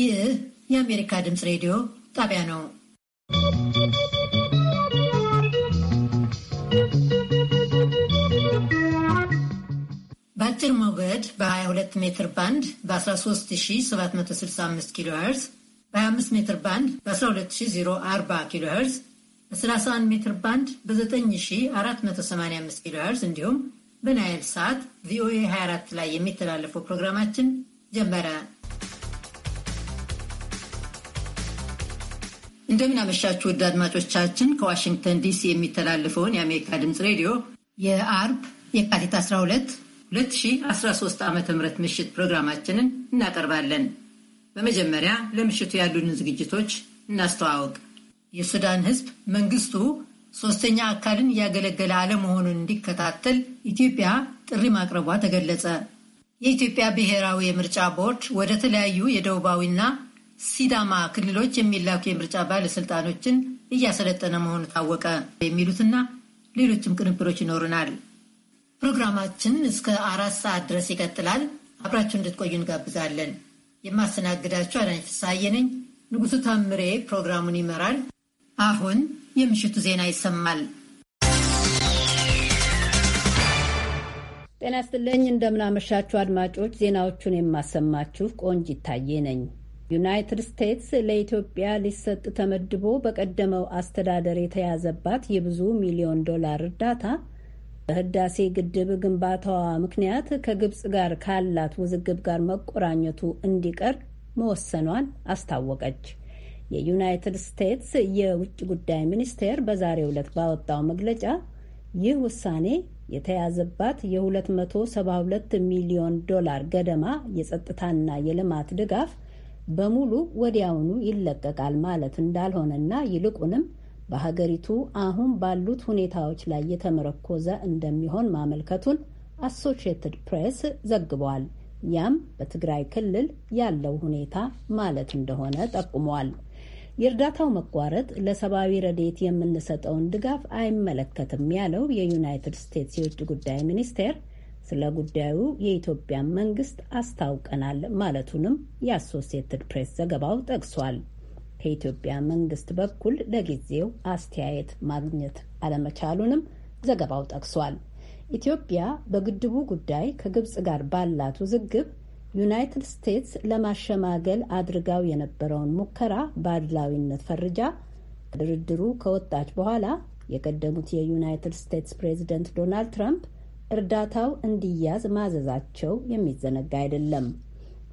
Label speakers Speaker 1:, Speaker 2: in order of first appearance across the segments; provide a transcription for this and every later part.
Speaker 1: ይህ የአሜሪካ ድምፅ ሬዲዮ ጣቢያ ነው። በአጭር ሞገድ በ22 ሜትር ባንድ በ13765 ኪሎ ሄርዝ፣ በ25 ሜትር ባንድ በ12040 ኪሎ ሄርዝ፣ በ31 ሜትር ባንድ በ9485 ኪሎ ሄርዝ እንዲሁም በናይል ሳት ቪኦኤ 24 ላይ የሚተላለፈው ፕሮግራማችን ጀመረ። እንደምናመሻችሁ ውድ አድማጮቻችን፣ ከዋሽንግተን ዲሲ የሚተላለፈውን የአሜሪካ ድምፅ ሬዲዮ የአርብ የካቲት 12 2013 ዓ ም ምሽት ፕሮግራማችንን እናቀርባለን። በመጀመሪያ ለምሽቱ ያሉንን ዝግጅቶች እናስተዋወቅ። የሱዳን ህዝብ መንግስቱ ሶስተኛ አካልን እያገለገለ አለመሆኑን እንዲከታተል ኢትዮጵያ ጥሪ ማቅረቧ ተገለጸ። የኢትዮጵያ ብሔራዊ የምርጫ ቦርድ ወደ ተለያዩ የደቡባዊና ሲዳማ ክልሎች የሚላኩ የምርጫ ባለስልጣኖችን እያሰለጠነ መሆኑ ታወቀ። የሚሉትና ሌሎችም ቅንብሮች ይኖሩናል። ፕሮግራማችን እስከ አራት ሰዓት ድረስ ይቀጥላል። አብራችሁ እንድትቆዩ እንጋብዛለን። የማስተናግዳችሁ አዳነች ፍስሐዬ ነኝ። ንጉሱ ታምሬ ፕሮግራሙን ይመራል። አሁን የምሽቱ ዜና ይሰማል። ጤና ይስጥልኝ።
Speaker 2: እንደምናመሻችሁ አድማጮች፣ ዜናዎቹን የማሰማችሁ ቆንጅ ይታየ ነኝ። ዩናይትድ ስቴትስ ለኢትዮጵያ ሊሰጥ ተመድቦ በቀደመው አስተዳደር የተያዘባት የብዙ ሚሊዮን ዶላር እርዳታ በህዳሴ ግድብ ግንባታዋ ምክንያት ከግብፅ ጋር ካላት ውዝግብ ጋር መቆራኘቱ እንዲቀር መወሰኗን አስታወቀች። የዩናይትድ ስቴትስ የውጭ ጉዳይ ሚኒስቴር በዛሬ ዕለት ባወጣው መግለጫ ይህ ውሳኔ የተያዘባት የ272 ሚሊዮን ዶላር ገደማ የጸጥታና የልማት ድጋፍ በሙሉ ወዲያውኑ ይለቀቃል ማለት እንዳልሆነና ይልቁንም በሀገሪቱ አሁን ባሉት ሁኔታዎች ላይ የተመረኮዘ እንደሚሆን ማመልከቱን አሶሺየትድ ፕሬስ ዘግቧል። ያም በትግራይ ክልል ያለው ሁኔታ ማለት እንደሆነ ጠቁሟል። የእርዳታው መቋረጥ ለሰብአዊ ረዴት የምንሰጠውን ድጋፍ አይመለከትም ያለው የዩናይትድ ስቴትስ የውጭ ጉዳይ ሚኒስቴር ስለ ጉዳዩ የኢትዮጵያን መንግስት አስታውቀናል ማለቱንም የአሶሲየትድ ፕሬስ ዘገባው ጠቅሷል። ከኢትዮጵያ መንግስት በኩል ለጊዜው አስተያየት ማግኘት አለመቻሉንም ዘገባው ጠቅሷል። ኢትዮጵያ በግድቡ ጉዳይ ከግብጽ ጋር ባላት ውዝግብ ዩናይትድ ስቴትስ ለማሸማገል አድርጋው የነበረውን ሙከራ በአድላዊነት ፈርጃ ድርድሩ ከወጣች በኋላ የቀደሙት የዩናይትድ ስቴትስ ፕሬዝደንት ዶናልድ ትራምፕ እርዳታው እንዲያዝ ማዘዛቸው የሚዘነጋ አይደለም።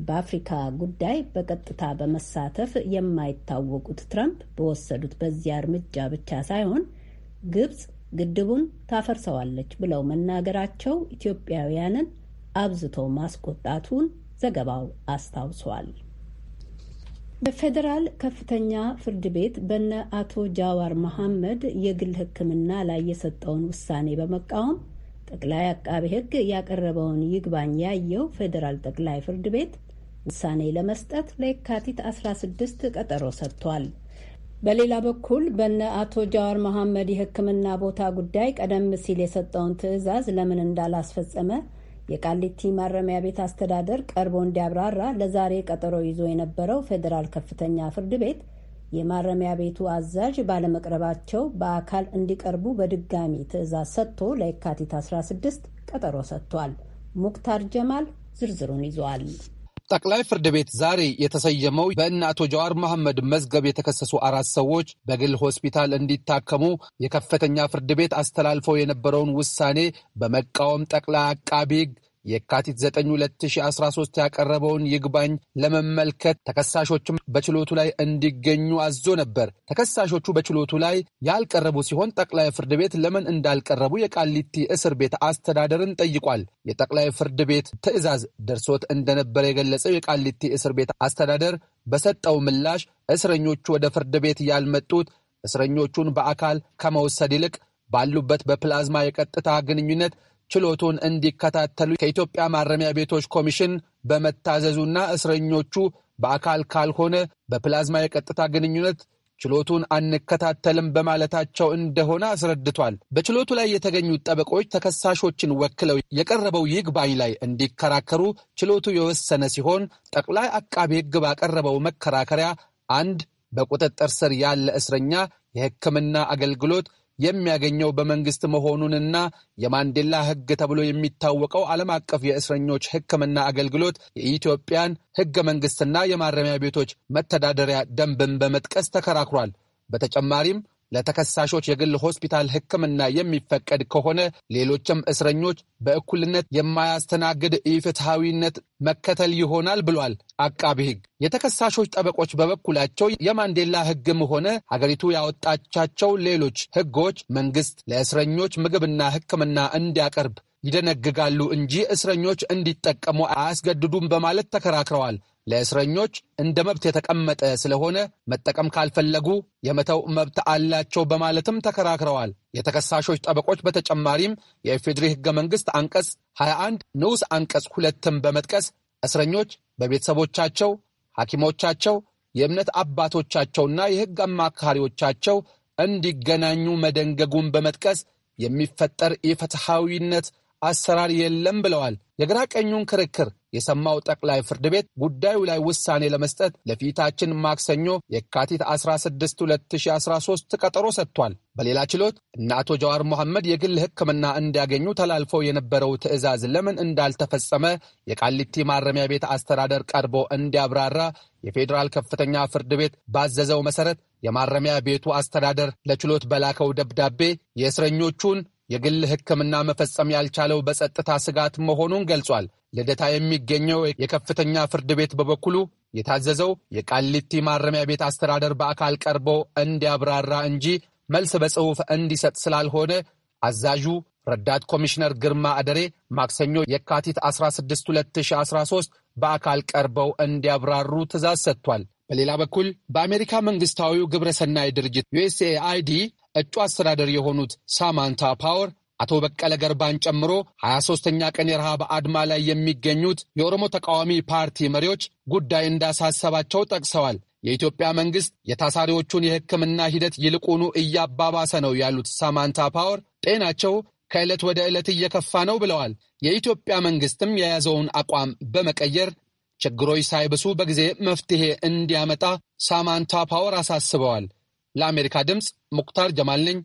Speaker 2: በአፍሪካ ጉዳይ በቀጥታ በመሳተፍ የማይታወቁት ትራምፕ በወሰዱት በዚያ እርምጃ ብቻ ሳይሆን ግብጽ ግድቡን ታፈርሰዋለች ብለው መናገራቸው ኢትዮጵያውያንን አብዝቶ ማስቆጣቱን ዘገባው አስታውሷል። በፌዴራል ከፍተኛ ፍርድ ቤት በነ አቶ ጃዋር መሐመድ የግል ሕክምና ላይ የሰጠውን ውሳኔ በመቃወም ጠቅላይ አቃቤ ሕግ ያቀረበውን ይግባኝ ያየው ፌዴራል ጠቅላይ ፍርድ ቤት ውሳኔ ለመስጠት ለየካቲት 16 ቀጠሮ ሰጥቷል። በሌላ በኩል በነ አቶ ጃዋር መሐመድ የሕክምና ቦታ ጉዳይ ቀደም ሲል የሰጠውን ትዕዛዝ ለምን እንዳላስፈጸመ የቃሊቲ ማረሚያ ቤት አስተዳደር ቀርቦ እንዲያብራራ ለዛሬ ቀጠሮ ይዞ የነበረው ፌዴራል ከፍተኛ ፍርድ ቤት የማረሚያ ቤቱ አዛዥ ባለመቅረባቸው በአካል እንዲቀርቡ በድጋሚ ትዕዛዝ ሰጥቶ ለየካቲት 16 ቀጠሮ ሰጥቷል። ሙክታር ጀማል ዝርዝሩን ይዟል።
Speaker 3: ጠቅላይ ፍርድ ቤት ዛሬ የተሰየመው በእነ አቶ ጀዋር መሐመድ መዝገብ የተከሰሱ አራት ሰዎች በግል ሆስፒታል እንዲታከሙ የከፍተኛ ፍርድ ቤት አስተላልፈው የነበረውን ውሳኔ በመቃወም ጠቅላይ አቃቢ ሕግ የካቲት 9 2013 ያቀረበውን ይግባኝ ለመመልከት ተከሳሾችም በችሎቱ ላይ እንዲገኙ አዞ ነበር። ተከሳሾቹ በችሎቱ ላይ ያልቀረቡ ሲሆን ጠቅላይ ፍርድ ቤት ለምን እንዳልቀረቡ የቃሊቲ እስር ቤት አስተዳደርን ጠይቋል። የጠቅላይ ፍርድ ቤት ትዕዛዝ ደርሶት እንደነበረ የገለጸው የቃሊቲ እስር ቤት አስተዳደር በሰጠው ምላሽ እስረኞቹ ወደ ፍርድ ቤት ያልመጡት እስረኞቹን በአካል ከመውሰድ ይልቅ ባሉበት በፕላዝማ የቀጥታ ግንኙነት ችሎቱን እንዲከታተሉ ከኢትዮጵያ ማረሚያ ቤቶች ኮሚሽን በመታዘዙና እስረኞቹ በአካል ካልሆነ በፕላዝማ የቀጥታ ግንኙነት ችሎቱን አንከታተልም በማለታቸው እንደሆነ አስረድቷል። በችሎቱ ላይ የተገኙት ጠበቆች ተከሳሾችን ወክለው የቀረበው ይግባኝ ላይ እንዲከራከሩ ችሎቱ የወሰነ ሲሆን ጠቅላይ አቃቢ ሕግ ባቀረበው መከራከሪያ አንድ በቁጥጥር ስር ያለ እስረኛ የሕክምና አገልግሎት የሚያገኘው በመንግስት መሆኑንና የማንዴላ ሕግ ተብሎ የሚታወቀው ዓለም አቀፍ የእስረኞች ሕክምና አገልግሎት የኢትዮጵያን ሕገ መንግስትና የማረሚያ ቤቶች መተዳደሪያ ደንብን በመጥቀስ ተከራክሯል። በተጨማሪም ለተከሳሾች የግል ሆስፒታል ሕክምና የሚፈቀድ ከሆነ ሌሎችም እስረኞች በእኩልነት የማያስተናግድ ኢፍትሐዊነት መከተል ይሆናል ብሏል አቃቢ ሕግ። የተከሳሾች ጠበቆች በበኩላቸው የማንዴላ ሕግም ሆነ ሀገሪቱ ያወጣቻቸው ሌሎች ሕጎች መንግስት ለእስረኞች ምግብና ሕክምና እንዲያቀርብ ይደነግጋሉ እንጂ እስረኞች እንዲጠቀሙ አያስገድዱም በማለት ተከራክረዋል። ለእስረኞች እንደ መብት የተቀመጠ ስለሆነ መጠቀም ካልፈለጉ የመተው መብት አላቸው በማለትም ተከራክረዋል። የተከሳሾች ጠበቆች በተጨማሪም የኢፌድሪ ህገ መንግሥት አንቀጽ 21 ንዑስ አንቀጽ ሁለትም በመጥቀስ እስረኞች በቤተሰቦቻቸው፣ ሐኪሞቻቸው፣ የእምነት አባቶቻቸውና የሕግ አማካሪዎቻቸው እንዲገናኙ መደንገጉን በመጥቀስ የሚፈጠር የፍትሐዊነት አሰራር የለም ብለዋል። የግራ ቀኙን ክርክር የሰማው ጠቅላይ ፍርድ ቤት ጉዳዩ ላይ ውሳኔ ለመስጠት ለፊታችን ማክሰኞ የካቲት 16 2013 ቀጠሮ ሰጥቷል። በሌላ ችሎት እነ አቶ ጀዋር መሐመድ የግል ሕክምና እንዲያገኙ ተላልፎ የነበረው ትዕዛዝ ለምን እንዳልተፈጸመ የቃሊቲ ማረሚያ ቤት አስተዳደር ቀርቦ እንዲያብራራ የፌዴራል ከፍተኛ ፍርድ ቤት ባዘዘው መሠረት የማረሚያ ቤቱ አስተዳደር ለችሎት በላከው ደብዳቤ የእስረኞቹን የግል ሕክምና መፈጸም ያልቻለው በጸጥታ ስጋት መሆኑን ገልጿል። ልደታ የሚገኘው የከፍተኛ ፍርድ ቤት በበኩሉ የታዘዘው የቃሊቲ ማረሚያ ቤት አስተዳደር በአካል ቀርቦ እንዲያብራራ እንጂ መልስ በጽሑፍ እንዲሰጥ ስላልሆነ አዛዡ ረዳት ኮሚሽነር ግርማ አደሬ ማክሰኞ የካቲት 16 2013 በአካል ቀርበው እንዲያብራሩ ትእዛዝ ሰጥቷል። በሌላ በኩል በአሜሪካ መንግስታዊው ግብረ ሰናይ ድርጅት ዩኤስኤአይዲ እጩ አስተዳደር የሆኑት ሳማንታ ፓወር አቶ በቀለ ገርባን ጨምሮ 23ኛ ቀን የረሃብ አድማ ላይ የሚገኙት የኦሮሞ ተቃዋሚ ፓርቲ መሪዎች ጉዳይ እንዳሳሰባቸው ጠቅሰዋል። የኢትዮጵያ መንግሥት የታሳሪዎቹን የሕክምና ሂደት ይልቁኑ እያባባሰ ነው ያሉት ሳማንታ ፓወር ጤናቸው ከዕለት ወደ ዕለት እየከፋ ነው ብለዋል። የኢትዮጵያ መንግሥትም የያዘውን አቋም በመቀየር ችግሮች ሳይብሱ በጊዜ መፍትሔ እንዲያመጣ ሳማንታ ፓወር አሳስበዋል። ለአሜሪካ ድምፅ ሙክታር ጀማል ነኝ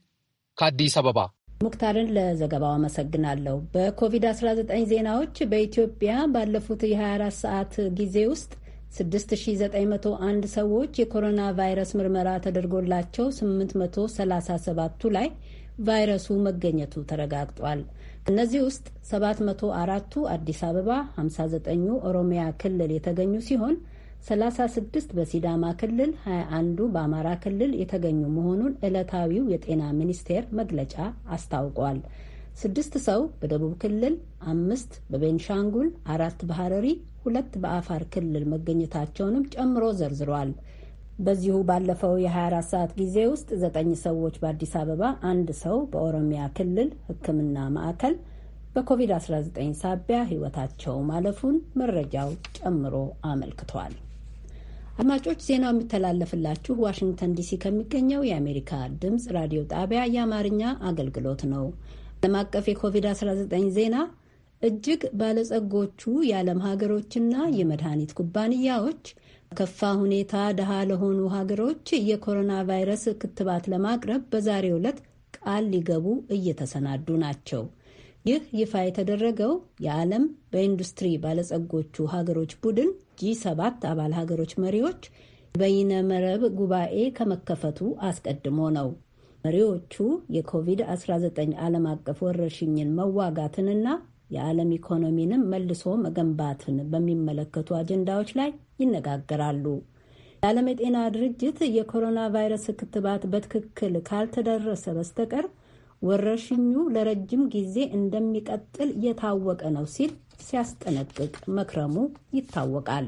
Speaker 3: ከአዲስ አበባ።
Speaker 2: ሙክታርን ለዘገባው አመሰግናለሁ። በኮቪድ-19 ዜናዎች በኢትዮጵያ ባለፉት የ24 ሰዓት ጊዜ ውስጥ 6901 ሰዎች የኮሮና ቫይረስ ምርመራ ተደርጎላቸው 837ቱ ላይ ቫይረሱ መገኘቱ ተረጋግጧል። ከእነዚህ ውስጥ 704ቱ አዲስ አበባ፣ 59ኙ ኦሮሚያ ክልል የተገኙ ሲሆን 36 በሲዳማ ክልል፣ 21ዱ በአማራ ክልል የተገኙ መሆኑን ዕለታዊው የጤና ሚኒስቴር መግለጫ አስታውቋል። ስድስት ሰው በደቡብ ክልል፣ አምስት በቤንሻንጉል፣ አራት በሐረሪ፣ ሁለት በአፋር ክልል መገኘታቸውንም ጨምሮ ዘርዝሯል። በዚሁ ባለፈው የ24 ሰዓት ጊዜ ውስጥ ዘጠኝ ሰዎች በአዲስ አበባ፣ አንድ ሰው በኦሮሚያ ክልል ሕክምና ማዕከል በኮቪድ-19 ሳቢያ ሕይወታቸው ማለፉን መረጃው ጨምሮ አመልክቷል። አድማጮች ዜናው የሚተላለፍላችሁ ዋሽንግተን ዲሲ ከሚገኘው የአሜሪካ ድምፅ ራዲዮ ጣቢያ የአማርኛ አገልግሎት ነው። ዓለም አቀፍ የኮቪድ-19 ዜና እጅግ ባለጸጎቹ የዓለም ሀገሮችና የመድኃኒት ኩባንያዎች በከፋ ሁኔታ ድሃ ለሆኑ ሀገሮች የኮሮና ቫይረስ ክትባት ለማቅረብ በዛሬው ዕለት ቃል ሊገቡ እየተሰናዱ ናቸው። ይህ ይፋ የተደረገው የዓለም በኢንዱስትሪ ባለጸጎቹ ሀገሮች ቡድን ጂ7 አባል ሀገሮች መሪዎች በይነ መረብ ጉባኤ ከመከፈቱ አስቀድሞ ነው። መሪዎቹ የኮቪድ-19 ዓለም አቀፍ ወረርሽኝን መዋጋትንና የዓለም ኢኮኖሚንም መልሶ መገንባትን በሚመለከቱ አጀንዳዎች ላይ ይነጋገራሉ። የዓለም የጤና ድርጅት የኮሮና ቫይረስ ክትባት በትክክል ካልተደረሰ በስተቀር ወረርሽኙ ለረጅም ጊዜ እንደሚቀጥል የታወቀ ነው ሲል ሲያስጠነቅቅ መክረሙ ይታወቃል።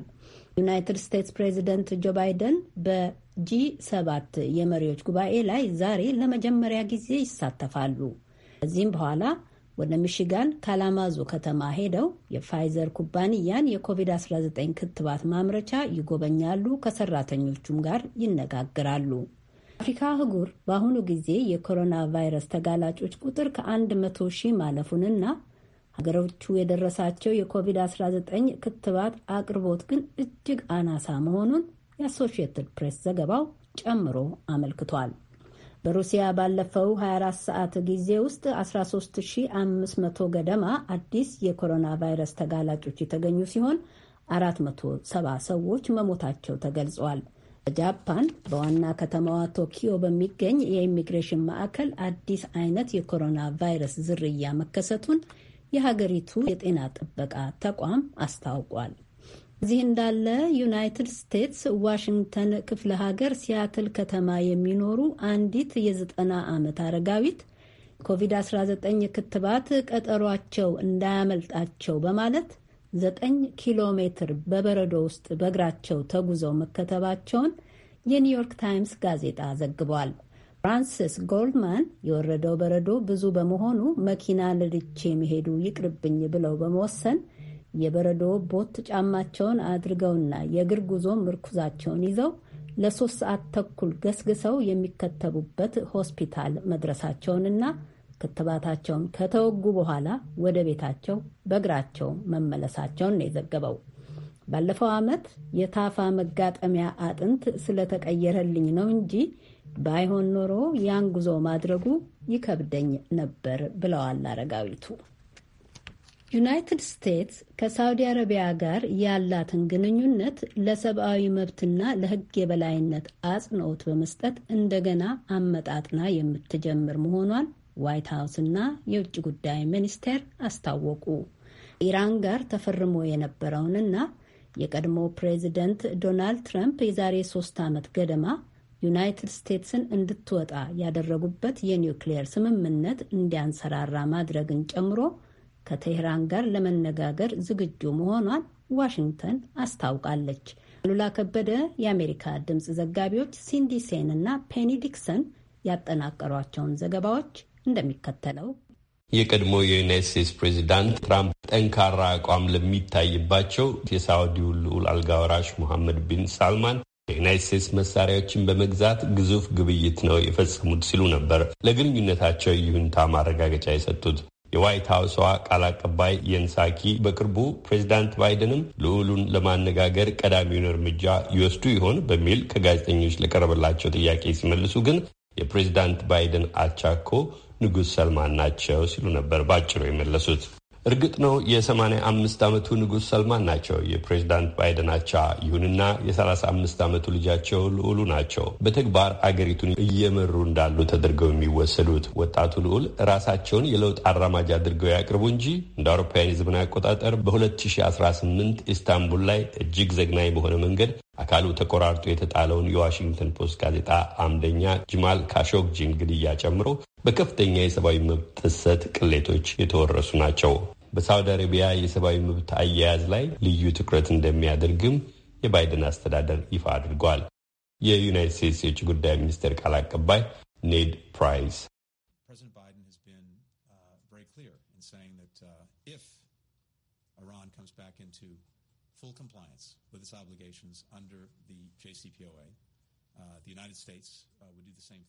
Speaker 2: ዩናይትድ ስቴትስ ፕሬዚደንት ጆ ባይደን በጂ ሰባት የመሪዎች ጉባኤ ላይ ዛሬ ለመጀመሪያ ጊዜ ይሳተፋሉ። ከዚህም በኋላ ወደ ሚሽጋን ካላማዞ ከተማ ሄደው የፋይዘር ኩባንያን የኮቪድ-19 ክትባት ማምረቻ ይጎበኛሉ፣ ከሰራተኞቹም ጋር ይነጋግራሉ። አፍሪካ አህጉር በአሁኑ ጊዜ የኮሮና ቫይረስ ተጋላጮች ቁጥር ከአንድ መቶ ሺህ ማለፉንና ሀገሮቹ የደረሳቸው የኮቪድ-19 ክትባት አቅርቦት ግን እጅግ አናሳ መሆኑን የአሶሺየትድ ፕሬስ ዘገባው ጨምሮ አመልክቷል። በሩሲያ ባለፈው 24 ሰዓት ጊዜ ውስጥ 13500 ገደማ አዲስ የኮሮና ቫይረስ ተጋላጮች የተገኙ ሲሆን 470 ሰዎች መሞታቸው ተገልጿል። በጃፓን በዋና ከተማዋ ቶኪዮ በሚገኝ የኢሚግሬሽን ማዕከል አዲስ አይነት የኮሮና ቫይረስ ዝርያ መከሰቱን የሀገሪቱ የጤና ጥበቃ ተቋም አስታውቋል። እዚህ እንዳለ ዩናይትድ ስቴትስ ዋሽንግተን ክፍለ ሀገር ሲያትል ከተማ የሚኖሩ አንዲት የዘጠና ዓመት አረጋዊት ኮቪድ-19 ክትባት ቀጠሯቸው እንዳያመልጣቸው በማለት ዘጠኝ ኪሎ ሜትር በበረዶ ውስጥ በእግራቸው ተጉዘው መከተባቸውን የኒውዮርክ ታይምስ ጋዜጣ ዘግቧል። ፍራንሲስ ጎልድማን የወረደው በረዶ ብዙ በመሆኑ መኪና ልድቼ መሄዱ ይቅርብኝ ብለው በመወሰን የበረዶ ቦት ጫማቸውን አድርገውና የእግር ጉዞ ምርኩዛቸውን ይዘው ለሶስት ሰዓት ተኩል ገስግሰው የሚከተቡበት ሆስፒታል መድረሳቸውንና ክትባታቸውን ከተወጉ በኋላ ወደ ቤታቸው በእግራቸው መመለሳቸውን ነው የዘገበው። ባለፈው ዓመት የታፋ መጋጠሚያ አጥንት ስለተቀየረልኝ ነው እንጂ ባይሆን ኖሮ ያን ጉዞ ማድረጉ ይከብደኝ ነበር ብለዋል አረጋዊቱ። ዩናይትድ ስቴትስ ከሳውዲ አረቢያ ጋር ያላትን ግንኙነት ለሰብአዊ መብትና ለሕግ የበላይነት አጽንኦት በመስጠት እንደገና አመጣጥና የምትጀምር መሆኗን ዋይት እና የውጭ ጉዳይ ሚኒስቴር አስታወቁ። ኢራን ጋር ተፈርሞ የነበረውንና የቀድሞ ፕሬዚደንት ዶናልድ ትራምፕ የዛሬ ሶስት ዓመት ገደማ ዩናይትድ ስቴትስን እንድትወጣ ያደረጉበት የኒውክሌር ስምምነት እንዲያንሰራራ ማድረግን ጨምሮ ከቴህራን ጋር ለመነጋገር ዝግጁ መሆኗን ዋሽንግተን አስታውቃለች። ሉላ ከበደ የአሜሪካ ድምፅ ዘጋቢዎች ሲንዲ ሴን እና ፔኒ ዲክሰን ያጠናቀሯቸውን ዘገባዎች እንደሚከተለው
Speaker 4: የቀድሞ የዩናይት ስቴትስ ፕሬዚዳንት ትራምፕ ጠንካራ አቋም ለሚታይባቸው የሳውዲው ልዑል አልጋ ወራሽ ሙሐመድ ቢን ሳልማን የዩናይት ስቴትስ መሳሪያዎችን በመግዛት ግዙፍ ግብይት ነው የፈጸሙት ሲሉ ነበር ለግንኙነታቸው ይሁንታ ማረጋገጫ የሰጡት። የዋይት ሀውሷ ቃል አቀባይ የንሳኪ በቅርቡ ፕሬዚዳንት ባይደንም ልዑሉን ለማነጋገር ቀዳሚውን እርምጃ ይወስዱ ይሆን በሚል ከጋዜጠኞች ለቀረበላቸው ጥያቄ ሲመልሱ ግን የፕሬዚዳንት ባይደን አቻኮ ንጉሥ ሰልማን ናቸው ሲሉ ነበር ባጭሩ የመለሱት። እርግጥ ነው የ አምስት ዓመቱ ንጉሥ ሰልማን ናቸው የፕሬዚዳንት ባይደን አቻ። ይሁንና የ35 ዓመቱ ልጃቸው ልዑሉ ናቸው በተግባር አገሪቱን እየመሩ እንዳሉ ተደርገው የሚወሰዱት። ወጣቱ ልዑል ራሳቸውን የለውጥ አራማጅ አድርገው ያቅርቡ እንጂ እንደ አውሮፓውያን የዘመን አቆጣጠር በ2018 ኢስታንቡል ላይ እጅግ ዘግናኝ በሆነ መንገድ አካሉ ተቆራርጦ የተጣለውን የዋሽንግተን ፖስት ጋዜጣ አምደኛ ጅማል ካሾግጂን ግድያ ጨምሮ በከፍተኛ የሰብአዊ መብት ጥሰት ቅሌቶች የተወረሱ ናቸው። በሳውዲ አረቢያ የሰብአዊ መብት አያያዝ ላይ ልዩ ትኩረት እንደሚያደርግም የባይደን አስተዳደር ይፋ አድርጓል። የዩናይትድ ስቴትስ የውጭ ጉዳይ ሚኒስቴር ቃል አቀባይ ኔድ ፕራይስ
Speaker 5: ስ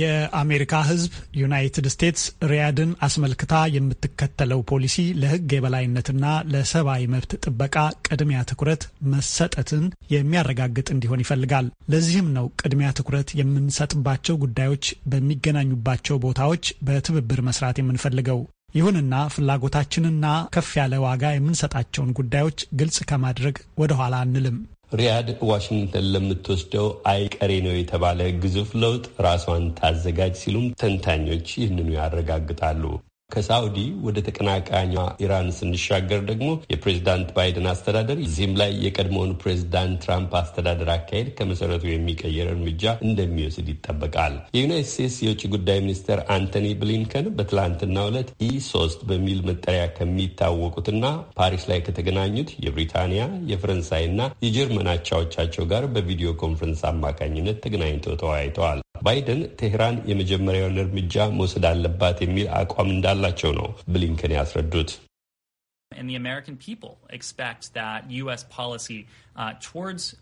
Speaker 6: የአሜሪካ ሕዝብ
Speaker 7: ዩናይትድ ስቴትስ ሪያድን አስመልክታ የምትከተለው ፖሊሲ ለሕግ የበላይነትና ለሰብአዊ መብት ጥበቃ ቅድሚያ ትኩረት መሰጠትን የሚያረጋግጥ እንዲሆን ይፈልጋል። ለዚህም ነው ቅድሚያ ትኩረት የምንሰጥባቸው ጉዳዮች በሚገናኙባቸው ቦታዎች በትብብር መስራት የምንፈልገው። ይሁንና ፍላጎታችንና ከፍ ያለ ዋጋ የምንሰጣቸውን ጉዳዮች ግልጽ ከማድረግ ወደኋላ አንልም።
Speaker 4: ሪያድ ዋሽንግተን ለምትወስደው አይቀሬ ነው የተባለ ግዙፍ ለውጥ ራሷን ታዘጋጅ ሲሉም ተንታኞች ይህንኑ ያረጋግጣሉ። ከሳዑዲ ወደ ተቀናቃኛ ኢራን ስንሻገር ደግሞ የፕሬዚዳንት ባይደን አስተዳደር እዚህም ላይ የቀድሞውን ፕሬዚዳንት ትራምፕ አስተዳደር አካሄድ ከመሰረቱ የሚቀየር እርምጃ እንደሚወስድ ይጠበቃል። የዩናይት ስቴትስ የውጭ ጉዳይ ሚኒስትር አንቶኒ ብሊንከን በትላንትናው ዕለት ኢ ሶስት በሚል መጠሪያ ከሚታወቁትና ፓሪስ ላይ ከተገናኙት የብሪታንያ የፈረንሳይና የጀርመን አቻዎቻቸው ጋር በቪዲዮ ኮንፈረንስ አማካኝነት ተገናኝተው ተወያይተዋል። ባይደን ቴህራን የመጀመሪያውን እርምጃ መውሰድ አለባት የሚል አቋም እንዳላቸው ነው ብሊንከን ያስረዱት። And the American people expect that U.S. policy uh, towards uh,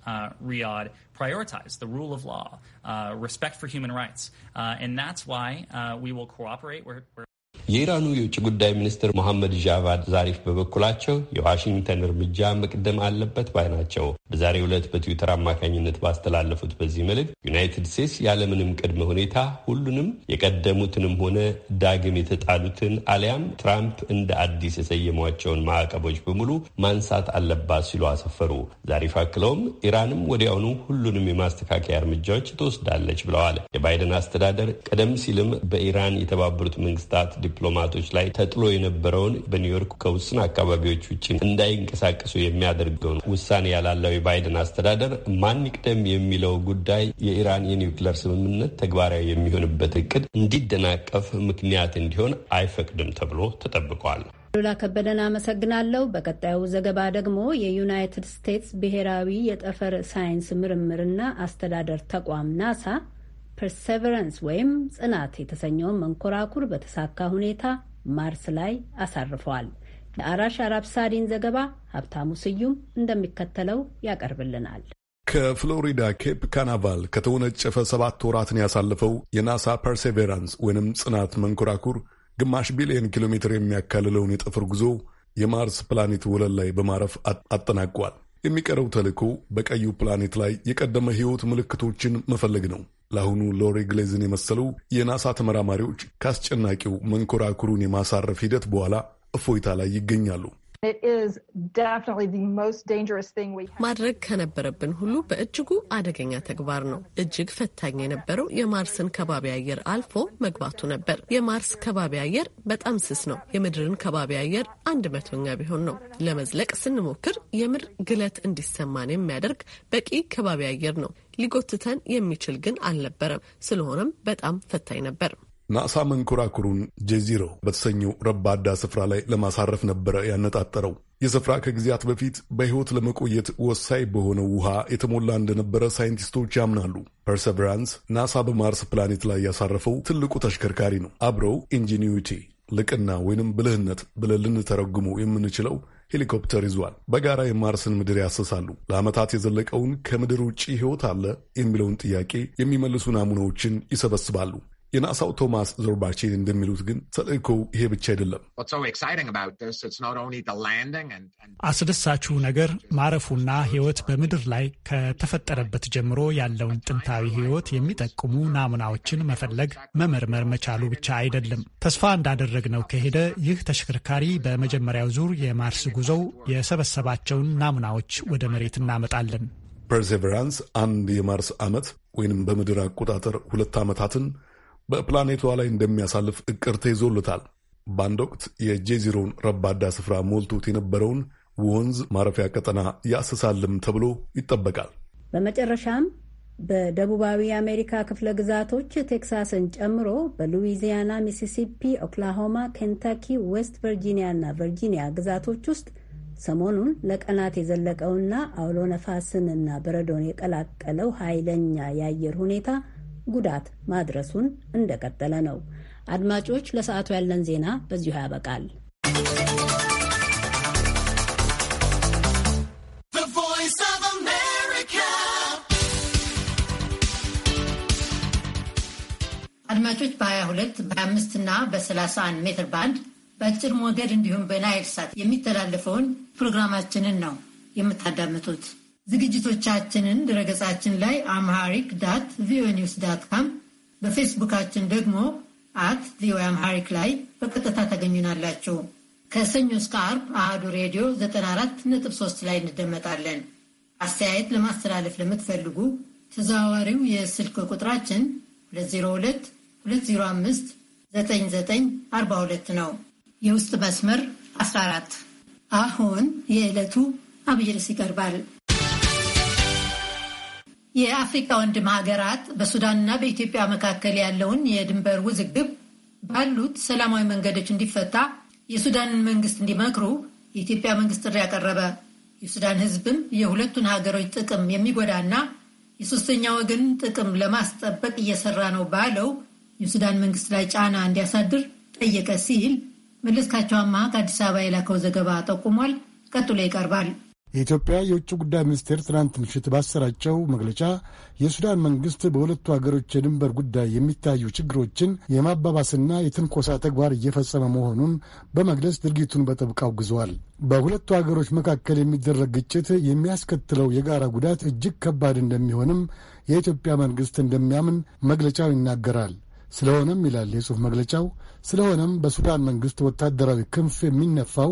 Speaker 4: Riyadh prioritize the rule of law, uh, respect for human rights. Uh, and that's why uh, we will cooperate. We're, we're የኢራኑ የውጭ ጉዳይ ሚኒስትር መሐመድ ዣቫድ ዛሪፍ በበኩላቸው የዋሽንግተን እርምጃ መቅደም አለበት ባይ ናቸው። በዛሬው ዕለት በትዊተር አማካኝነት ባስተላለፉት በዚህ መልእክት ዩናይትድ ስቴትስ ያለምንም ቅድመ ሁኔታ ሁሉንም የቀደሙትንም ሆነ ዳግም የተጣሉትን አሊያም ትራምፕ እንደ አዲስ የሰየሟቸውን ማዕቀቦች በሙሉ ማንሳት አለባት ሲሉ አሰፈሩ። ዛሪፍ አክለውም ኢራንም ወዲያውኑ ሁሉንም የማስተካከያ እርምጃዎች ትወስዳለች ብለዋል። የባይደን አስተዳደር ቀደም ሲልም በኢራን የተባበሩት መንግስታት ዲፕሎማቶች ላይ ተጥሎ የነበረውን በኒውዮርክ ከውስን አካባቢዎች ውጭ እንዳይንቀሳቀሱ የሚያደርገውን ውሳኔ ያላለው የባይደን አስተዳደር ማን ይቅደም የሚለው ጉዳይ የኢራን የኒውክለር ስምምነት ተግባራዊ የሚሆንበት እቅድ እንዲደናቀፍ ምክንያት እንዲሆን አይፈቅድም ተብሎ ተጠብቋል።
Speaker 2: ሉላ ከበደን አመሰግናለሁ። በቀጣዩ ዘገባ ደግሞ የዩናይትድ ስቴትስ ብሔራዊ የጠፈር ሳይንስ ምርምርና አስተዳደር ተቋም ናሳ ፐርሴቨረንስ ወይም ጽናት የተሰኘውን መንኮራኩር በተሳካ ሁኔታ ማርስ ላይ አሳርፈዋል። ለአራሽ አራብሳዲን ዘገባ ሀብታሙ ስዩም እንደሚከተለው ያቀርብልናል።
Speaker 8: ከፍሎሪዳ ኬፕ ካናቫል ከተወነጨፈ ሰባት ወራትን ያሳለፈው የናሳ ፐርሴቬራንስ ወይንም ጽናት መንኮራኩር ግማሽ ቢሊዮን ኪሎ ሜትር የሚያካልለውን የጠፈር ጉዞ የማርስ ፕላኔት ወለል ላይ በማረፍ አጠናቋል። የሚቀረው ተልእኮ በቀዩ ፕላኔት ላይ የቀደመ ሕይወት ምልክቶችን መፈለግ ነው። ለአሁኑ ሎሪ ግሌዝን የመሰሉ የናሳ ተመራማሪዎች ከአስጨናቂው መንኮራኩሩን የማሳረፍ ሂደት በኋላ እፎይታ ላይ ይገኛሉ።
Speaker 9: ማድረግ ከነበረብን ሁሉ በእጅጉ አደገኛ ተግባር ነው። እጅግ ፈታኝ የነበረው የማርስን ከባቢ አየር አልፎ መግባቱ ነበር። የማርስ ከባቢ አየር በጣም ስስ ነው። የምድርን ከባቢ አየር አንድ መቶኛ ቢሆን ነው። ለመዝለቅ ስንሞክር የምድር ግለት እንዲሰማን የሚያደርግ በቂ ከባቢ አየር ነው። ሊጎትተን የሚችል ግን አልነበረም። ስለሆነም በጣም ፈታኝ ነበር።
Speaker 8: ናሳ መንኮራኩሩን ጄዚሮ በተሰኘው ረባዳ ስፍራ ላይ ለማሳረፍ ነበረ ያነጣጠረው። የስፍራ ከጊዜያት በፊት በሕይወት ለመቆየት ወሳኝ በሆነው ውሃ የተሞላ እንደነበረ ሳይንቲስቶች ያምናሉ። ፐርሰቨራንስ ናሳ በማርስ ፕላኔት ላይ ያሳረፈው ትልቁ ተሽከርካሪ ነው። አብረው ኢንጂኒዊቲ ልቅና ወይንም ብልህነት ብለን ልንተረጉሙ የምንችለው ሄሊኮፕተር ይዟል። በጋራ የማርስን ምድር ያሰሳሉ። ለዓመታት የዘለቀውን ከምድር ውጭ ሕይወት አለ የሚለውን ጥያቄ የሚመልሱ ናሙናዎችን ይሰበስባሉ። የናሳው ቶማስ ዞርባቼን እንደሚሉት ግን ተልእኮው ይሄ ብቻ አይደለም።
Speaker 7: አስደሳችሁ ነገር ማረፉና ሕይወት በምድር ላይ ከተፈጠረበት ጀምሮ ያለውን ጥንታዊ ሕይወት የሚጠቁሙ ናሙናዎችን መፈለግ፣ መመርመር መቻሉ ብቻ አይደለም። ተስፋ እንዳደረግነው ከሄደ ይህ ተሽከርካሪ በመጀመሪያው ዙር የማርስ ጉዞው የሰበሰባቸውን ናሙናዎች ወደ መሬት እናመጣለን።
Speaker 8: ፐርሴቨራንስ አንድ የማርስ ዓመት ወይንም በምድር አቆጣጠር ሁለት ዓመታትን በፕላኔቷ ላይ እንደሚያሳልፍ እቅር ተይዞለታል። በአንድ ወቅት የጄዚሮን ረባዳ ስፍራ ሞልቶት የነበረውን ወንዝ ማረፊያ ቀጠና ያስሳልም ተብሎ ይጠበቃል።
Speaker 2: በመጨረሻም በደቡባዊ የአሜሪካ ክፍለ ግዛቶች ቴክሳስን ጨምሮ በሉዊዚያና፣ ሚሲሲፒ፣ ኦክላሆማ፣ ኬንታኪ፣ ዌስት ቨርጂኒያ እና ቨርጂኒያ ግዛቶች ውስጥ ሰሞኑን ለቀናት የዘለቀውና አውሎ ነፋስንና በረዶን የቀላቀለው ኃይለኛ የአየር ሁኔታ ጉዳት ማድረሱን እንደቀጠለ ነው። አድማጮች፣ ለሰዓቱ ያለን ዜና በዚሁ ያበቃል።
Speaker 1: አድማጮች በ22 በ25 እና በ31 ሜትር ባንድ በአጭር ሞገድ እንዲሁም በናይል ሳት የሚተላለፈውን ፕሮግራማችንን ነው የምታዳምጡት። ዝግጅቶቻችንን ድረገጻችን ላይ አምሃሪክ ዳት ቪኦኤ ኒውስ ዳት ካም፣ በፌስቡካችን ደግሞ አት ቪኦኤ አምሃሪክ ላይ በቀጥታ ታገኙናላችሁ። ከሰኞ እስከ አርብ አህዱ ሬዲዮ 94.3 ላይ እንደመጣለን። አስተያየት ለማስተላለፍ ለምትፈልጉ ተዘዋዋሪው የስልክ ቁጥራችን 2022059942 ነው። የውስጥ መስመር 14። አሁን የዕለቱ አብይ ርዕስ ይቀርባል። የአፍሪካ ወንድም ሀገራት በሱዳንና በኢትዮጵያ መካከል ያለውን የድንበር ውዝግብ ባሉት ሰላማዊ መንገዶች እንዲፈታ የሱዳንን መንግስት እንዲመክሩ የኢትዮጵያ መንግስት ጥሪ ያቀረበ የሱዳን ህዝብም የሁለቱን ሀገሮች ጥቅም የሚጎዳና የሶስተኛ ወገን ጥቅም ለማስጠበቅ እየሰራ ነው ባለው የሱዳን መንግስት ላይ ጫና እንዲያሳድር ጠየቀ ሲል መለስካቸው አማ ከአዲስ አበባ የላከው ዘገባ ጠቁሟል። ቀጥሎ ይቀርባል።
Speaker 10: የኢትዮጵያ የውጭ ጉዳይ ሚኒስቴር ትናንት ምሽት ባሰራጨው መግለጫ የሱዳን መንግስት በሁለቱ ሀገሮች የድንበር ጉዳይ የሚታዩ ችግሮችን የማባባስና የትንኮሳ ተግባር እየፈጸመ መሆኑን በመግለጽ ድርጊቱን በጥብቅ አውግዘዋል። በሁለቱ ሀገሮች መካከል የሚደረግ ግጭት የሚያስከትለው የጋራ ጉዳት እጅግ ከባድ እንደሚሆንም የኢትዮጵያ መንግስት እንደሚያምን መግለጫው ይናገራል። ስለሆነም ይላል የጽሑፍ መግለጫው፣ ስለሆነም በሱዳን መንግስት ወታደራዊ ክንፍ የሚነፋው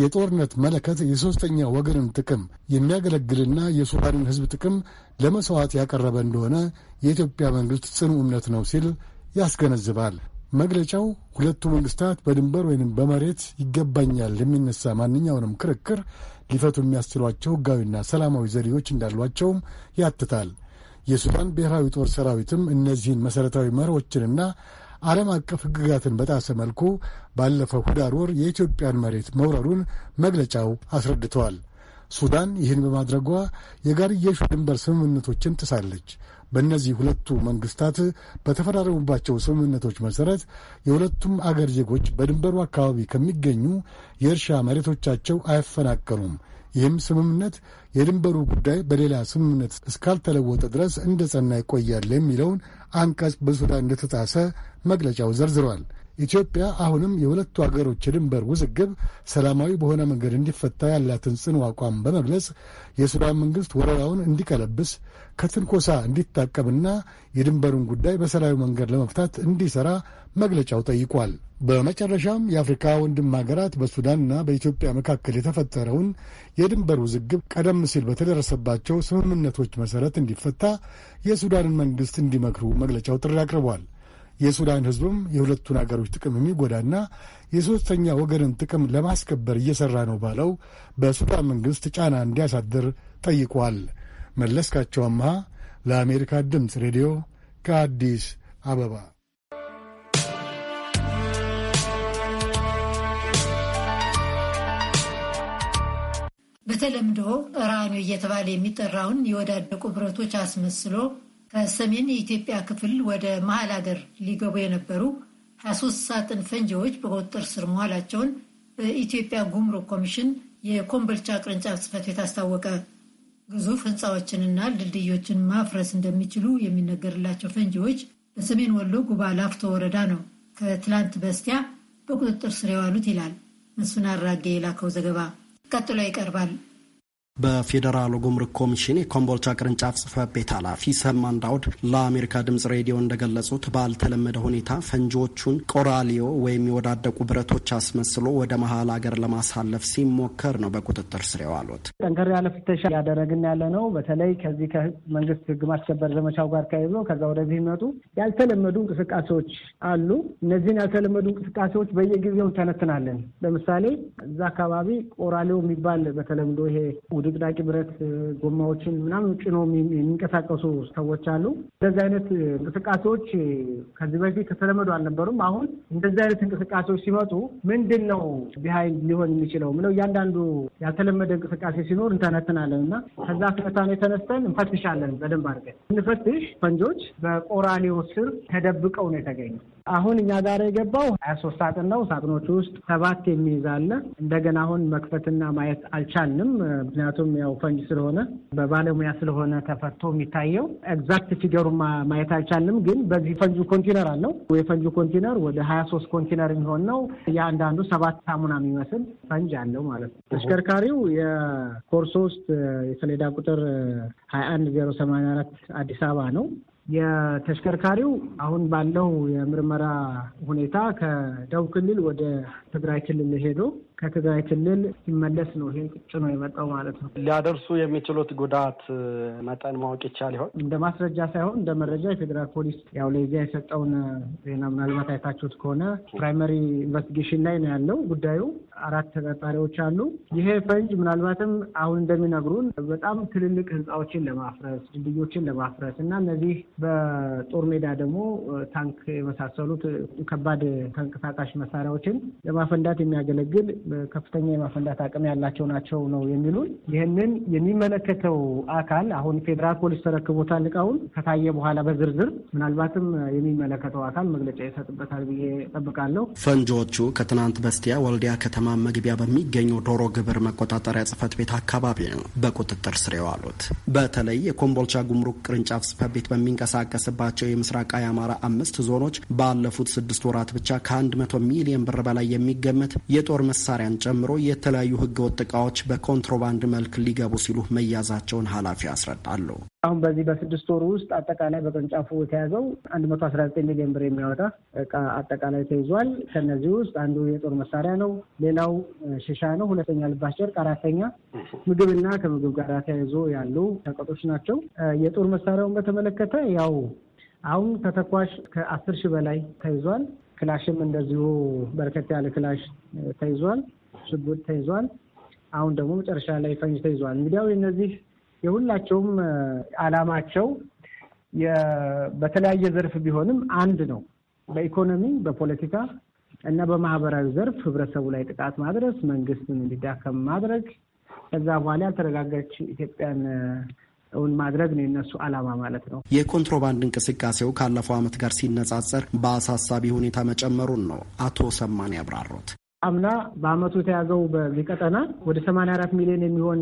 Speaker 10: የጦርነት መለከት የሦስተኛ ወገንን ጥቅም የሚያገለግልና የሱዳንን ሕዝብ ጥቅም ለመሥዋዕት ያቀረበ እንደሆነ የኢትዮጵያ መንግስት ጽኑ እምነት ነው ሲል ያስገነዝባል። መግለጫው ሁለቱ መንግስታት በድንበር ወይም በመሬት ይገባኛል የሚነሳ ማንኛውንም ክርክር ሊፈቱ የሚያስችሏቸው ሕጋዊና ሰላማዊ ዘዴዎች እንዳሏቸውም ያትታል። የሱዳን ብሔራዊ ጦር ሰራዊትም እነዚህን መሠረታዊ መርሆችንና ዓለም አቀፍ ሕግጋትን በጣሰ መልኩ ባለፈው ኅዳር ወር የኢትዮጵያን መሬት መውረሩን መግለጫው አስረድተዋል። ሱዳን ይህን በማድረጓ የጋርየሹ ድንበር ስምምነቶችን ጥሳለች። በእነዚህ ሁለቱ መንግስታት በተፈራረሙባቸው ስምምነቶች መሠረት የሁለቱም አገር ዜጎች በድንበሩ አካባቢ ከሚገኙ የእርሻ መሬቶቻቸው አይፈናቀሉም ይህም ስምምነት የድንበሩ ጉዳይ በሌላ ስምምነት እስካልተለወጠ ድረስ እንደ ጸና ይቆያል የሚለውን አንቀጽ በሱዳን እንደተጣሰ መግለጫው ዘርዝሯል። ኢትዮጵያ አሁንም የሁለቱ አገሮች የድንበር ውዝግብ ሰላማዊ በሆነ መንገድ እንዲፈታ ያላትን ጽኑ አቋም በመግለጽ የሱዳን መንግሥት ወረራውን እንዲቀለብስ ከትንኮሳ እንዲታቀብና የድንበሩን ጉዳይ በሰላማዊ መንገድ ለመፍታት እንዲሠራ መግለጫው ጠይቋል። በመጨረሻም የአፍሪካ ወንድም ሀገራት በሱዳንና በኢትዮጵያ መካከል የተፈጠረውን የድንበር ውዝግብ ቀደም ሲል በተደረሰባቸው ስምምነቶች መሠረት እንዲፈታ የሱዳንን መንግስት እንዲመክሩ መግለጫው ጥሪ አቅርቧል። የሱዳን ህዝብም የሁለቱን አገሮች ጥቅም የሚጎዳና የሦስተኛ ወገንን ጥቅም ለማስከበር እየሠራ ነው ባለው በሱዳን መንግስት ጫና እንዲያሳድር ጠይቋል። መለስካቸው አምሃ ለአሜሪካ ድምፅ ሬዲዮ ከአዲስ አበባ
Speaker 1: በተለምዶ ራኒ እየተባለ የሚጠራውን የወዳደቁ ብረቶች አስመስሎ ከሰሜን የኢትዮጵያ ክፍል ወደ መሀል ሀገር ሊገቡ የነበሩ 23 ሳጥን ፈንጂዎች በቁጥጥር ስር መዋላቸውን በኢትዮጵያ ጉምሩክ ኮሚሽን የኮምበልቻ ቅርንጫፍ ጽፈት ቤት አስታወቀ። ግዙፍ ህንፃዎችንና ድልድዮችን ማፍረስ እንደሚችሉ የሚነገርላቸው ፈንጂዎች በሰሜን ወሎ ጉባ ላፍቶ ወረዳ ነው ከትላንት በስቲያ በቁጥጥር ስር የዋሉት ይላል መስፍን አራጌ የላከው ዘገባ። ቀጥሎ ይቀርባል
Speaker 11: በፌዴራሉ ጉምሩክ ኮሚሽን የኮምቦልቻ ቅርንጫፍ ጽህፈት ቤት ኃላፊ ሰማን ዳውድ ለአሜሪካ ድምጽ ሬዲዮ እንደገለጹት ባልተለመደ ሁኔታ ፈንጂዎቹን ቆራሊዮ ወይም የወዳደቁ ብረቶች አስመስሎ ወደ መሀል አገር ለማሳለፍ ሲሞከር ነው በቁጥጥር ስር የዋሉት።
Speaker 12: ጠንከር ያለ ፍተሻ እያደረግን ያለ ነው። በተለይ ከዚህ ከመንግስት ህግ ማስከበር ዘመቻው ጋር ተያይዞ ከዛ ወደዚህ ይመጡ ያልተለመዱ እንቅስቃሴዎች አሉ። እነዚህን ያልተለመዱ እንቅስቃሴዎች በየጊዜው እንተነትናለን። ለምሳሌ እዛ አካባቢ ቆራሊዮ የሚባል በተለምዶ ይሄ ድቅዳቂ ብረት ጎማዎችን ምናምን ጭኖ የሚንቀሳቀሱ ሰዎች አሉ። እንደዚህ አይነት እንቅስቃሴዎች ከዚህ በፊት ተለመዱ አልነበሩም። አሁን እንደዚህ አይነት እንቅስቃሴዎች ሲመጡ ምንድን ነው ቢሃይንድ ሊሆን የሚችለው ምለው እያንዳንዱ ያልተለመደ እንቅስቃሴ ሲኖር እንተነትናለን እና ከዛ ፍነታን የተነስተን እንፈትሻለን። በደንብ አድርገን እንፈትሽ ፈንጆች በቆራኔው ስር ተደብቀው ነው የተገኙ። አሁን እኛ ጋር የገባው ሀያ ሶስት ሳጥን ነው። ሳጥኖቹ ውስጥ ሰባት የሚይዝ አለ። እንደገና አሁን መክፈትና ማየት አልቻልንም ምክንያቱ ምክንያቱም ያው ፈንጅ ስለሆነ በባለሙያ ስለሆነ ተፈቶ የሚታየው ኤግዛክት ፊገሩ ማየት አልቻልንም። ግን በዚህ ፈንጁ ኮንቴነር አለው። የፈንጁ ኮንቴነር ወደ ሀያ ሶስት ኮንቴነር የሚሆን ነው። የአንዳንዱ ሰባት ሳሙና የሚመስል ፈንጅ አለው ማለት ነው። ተሽከርካሪው የኮር ሶስት የሰሌዳ ቁጥር ሀያ አንድ ዜሮ ሰማንያ አራት አዲስ አበባ ነው። የተሽከርካሪው አሁን ባለው የምርመራ ሁኔታ ከደቡብ ክልል ወደ ትግራይ ክልል ሄዶ ከትግራይ ክልል ሲመለስ ነው ይሄ ጭኖ የመጣው ማለት ነው።
Speaker 11: ሊያደርሱ የሚችሉት ጉዳት መጠን ማወቅ ይቻል ይሆን?
Speaker 12: እንደ ማስረጃ ሳይሆን እንደ መረጃ የፌዴራል ፖሊስ ያው ለዚያ የሰጠውን ዜና ምናልባት አይታችሁት ከሆነ ፕራይመሪ ኢንቨስቲጌሽን ላይ ነው ያለው ጉዳዩ። አራት ተጠርጣሪዎች አሉ። ይሄ ፈንጅ ምናልባትም አሁን እንደሚነግሩን በጣም ትልልቅ ህንፃዎችን ለማፍረስ፣ ድልድዮችን ለማፍረስ እና እነዚህ በጦር ሜዳ ደግሞ ታንክ የመሳሰሉት ከባድ ተንቀሳቃሽ መሳሪያዎችን ለማፈንዳት የሚያገለግል ከፍተኛ የማፈንዳት አቅም ያላቸው ናቸው ነው የሚሉን። ይህንን የሚመለከተው አካል አሁን ፌዴራል ፖሊስ ተረክቦታል እቃውን ከታየ በኋላ በዝርዝር ምናልባትም የሚመለከተው አካል መግለጫ ይሰጥበታል ብዬ ጠብቃለሁ።
Speaker 11: ፈንጂዎቹ ከትናንት በስቲያ ወልዲያ ከተማ መግቢያ በሚገኘው ዶሮ ግብር መቆጣጠሪያ ጽህፈት ቤት አካባቢ ነው በቁጥጥር ስር የዋሉት። በተለይ የኮምቦልቻ ጉምሩክ ቅርንጫፍ ጽህፈት ቤት በሚንቀሳቀስባቸው የምስራቃዊ አማራ አምስት ዞኖች ባለፉት ስድስት ወራት ብቻ ከአንድ መቶ ሚሊየን ብር በላይ የሚገመት የጦር መሳሪያ መሳሪያን ጨምሮ የተለያዩ ህገወጥ እቃዎች በኮንትሮባንድ መልክ ሊገቡ ሲሉ መያዛቸውን ኃላፊ ያስረዳሉ።
Speaker 12: አሁን በዚህ በስድስት ወሩ ውስጥ አጠቃላይ በቅርንጫፉ የተያዘው አንድ መቶ አስራ ዘጠኝ ሚሊዮን ብር የሚያወጣ እቃ አጠቃላይ ተይዟል። ከነዚህ ውስጥ አንዱ የጦር መሳሪያ ነው። ሌላው ሽሻ ነው። ሁለተኛ ልባስ ጨርቅ፣ አራተኛ ምግብና ከምግብ ጋር ተያይዞ ያሉ ሸቀጦች ናቸው። የጦር መሳሪያውን በተመለከተ ያው አሁን ተተኳሽ ከአስር ሺህ በላይ ተይዟል። ክላሽም እንደዚሁ በርከት ያለ ክላሽ ተይዟል፣ ሽጉጥ ተይዟል። አሁን ደግሞ መጨረሻ ላይ ፈንጅ ተይዟል። እንግዲያው እነዚህ የሁላቸውም አላማቸው በተለያየ ዘርፍ ቢሆንም አንድ ነው። በኢኮኖሚ፣ በፖለቲካ እና በማህበራዊ ዘርፍ ህብረተሰቡ ላይ ጥቃት ማድረስ፣ መንግስትን እንዲዳከም ማድረግ ከዛ በኋላ ያልተረጋጋች ኢትዮጵያን እውን ማድረግ ነው የነሱ አላማ ማለት ነው።
Speaker 11: የኮንትሮባንድ እንቅስቃሴው ካለፈው ዓመት ጋር ሲነጻጸር በአሳሳቢ ሁኔታ መጨመሩን ነው አቶ ሰማን ያብራሩት።
Speaker 12: አምና በአመቱ የተያዘው በዚህ ቀጠና ወደ ሰማንያ አራት ሚሊዮን የሚሆን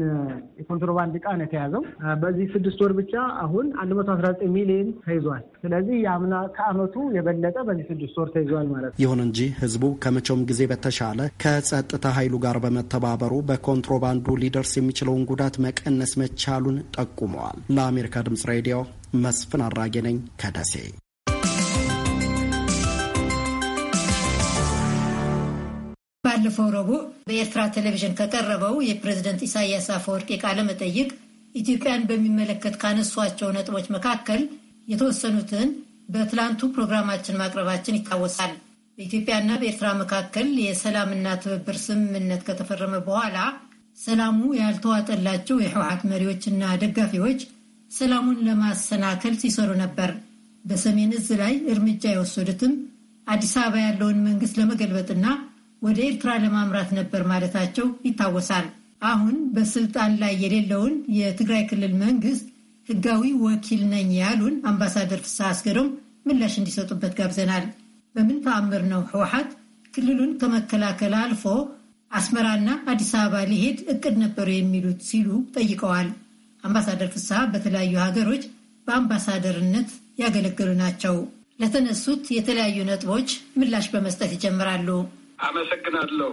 Speaker 12: የኮንትሮባንድ እቃ ነው የተያዘው። በዚህ ስድስት ወር ብቻ አሁን አንድ መቶ አስራ ዘጠኝ ሚሊዮን ተይዟል። ስለዚህ የአምና ከአመቱ የበለጠ በዚህ ስድስት ወር ተይዟል ማለት ነው።
Speaker 11: ይሁን እንጂ ህዝቡ ከመቼውም ጊዜ በተሻለ ከጸጥታ ኃይሉ ጋር በመተባበሩ በኮንትሮባንዱ ሊደርስ የሚችለውን ጉዳት መቀነስ መቻሉን ጠቁመዋል። ለአሜሪካ ድምጽ ሬዲዮ መስፍን አራጌ ነኝ ከደሴ።
Speaker 1: ባለፈው ረቡዕ በኤርትራ ቴሌቪዥን ከቀረበው የፕሬዝደንት ኢሳያስ አፈወርቂ ቃለ መጠይቅ ኢትዮጵያን በሚመለከት ካነሷቸው ነጥቦች መካከል የተወሰኑትን በትላንቱ ፕሮግራማችን ማቅረባችን ይታወሳል። በኢትዮጵያና በኤርትራ መካከል የሰላምና ትብብር ስምምነት ከተፈረመ በኋላ ሰላሙ ያልተዋጠላቸው የህወሀት መሪዎችና ደጋፊዎች ሰላሙን ለማሰናከል ሲሰሩ ነበር። በሰሜን እዝ ላይ እርምጃ የወሰዱትም አዲስ አበባ ያለውን መንግስት ለመገልበጥና ወደ ኤርትራ ለማምራት ነበር ማለታቸው ይታወሳል። አሁን በስልጣን ላይ የሌለውን የትግራይ ክልል መንግስት ህጋዊ ወኪል ነኝ ያሉን አምባሳደር ፍስሐ አስገዶም ምላሽ እንዲሰጡበት ጋብዘናል። በምን ተአምር ነው ህወሓት ክልሉን ከመከላከል አልፎ አስመራና አዲስ አበባ ሊሄድ እቅድ ነበሩ የሚሉት ሲሉ ጠይቀዋል። አምባሳደር ፍስሐ በተለያዩ ሀገሮች በአምባሳደርነት ያገለገሉ ናቸው። ለተነሱት የተለያዩ ነጥቦች ምላሽ በመስጠት ይጀምራሉ።
Speaker 13: አመሰግናለሁ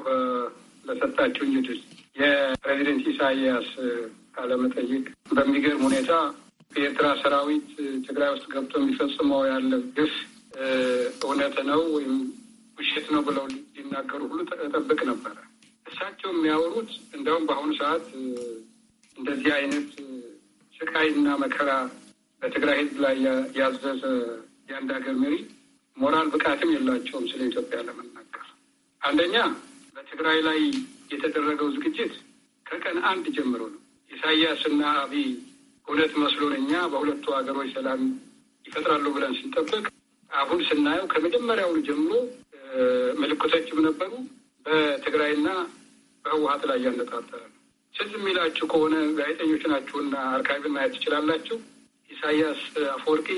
Speaker 13: ለሰጣችሁኝ ድል። የፕሬዚደንት ኢሳያስ ቃለመጠይቅ በሚገርም ሁኔታ የኤርትራ ሰራዊት ትግራይ ውስጥ ገብቶ የሚፈጽመው ያለ ግፍ እውነት ነው ወይም ውሸት ነው ብለው ሊናገሩ ሁሉ ጠብቅ ነበረ። እሳቸው የሚያወሩት እንደውም በአሁኑ ሰዓት እንደዚህ አይነት ስቃይና መከራ በትግራይ ሕዝብ ላይ ያዘዘ የአንድ ሀገር መሪ ሞራል ብቃትም የላቸውም ስለ ኢትዮጵያ ለምን አንደኛ በትግራይ ላይ የተደረገው ዝግጅት ከቀን አንድ ጀምሮ ነው። ኢሳያስና አብይ እውነት መስሎን እኛ በሁለቱ ሀገሮች ሰላም ይፈጥራሉ ብለን ስንጠብቅ አሁን ስናየው ከመጀመሪያውን ጀምሮ ምልክቶችም ነበሩ። በትግራይና በህወሀት ላይ ያነጣጠረ ነው። ስዝ የሚላችሁ ከሆነ ጋዜጠኞች ናችሁና አርካይቭ ማየት ትችላላችሁ። ኢሳያስ አፈወርቂ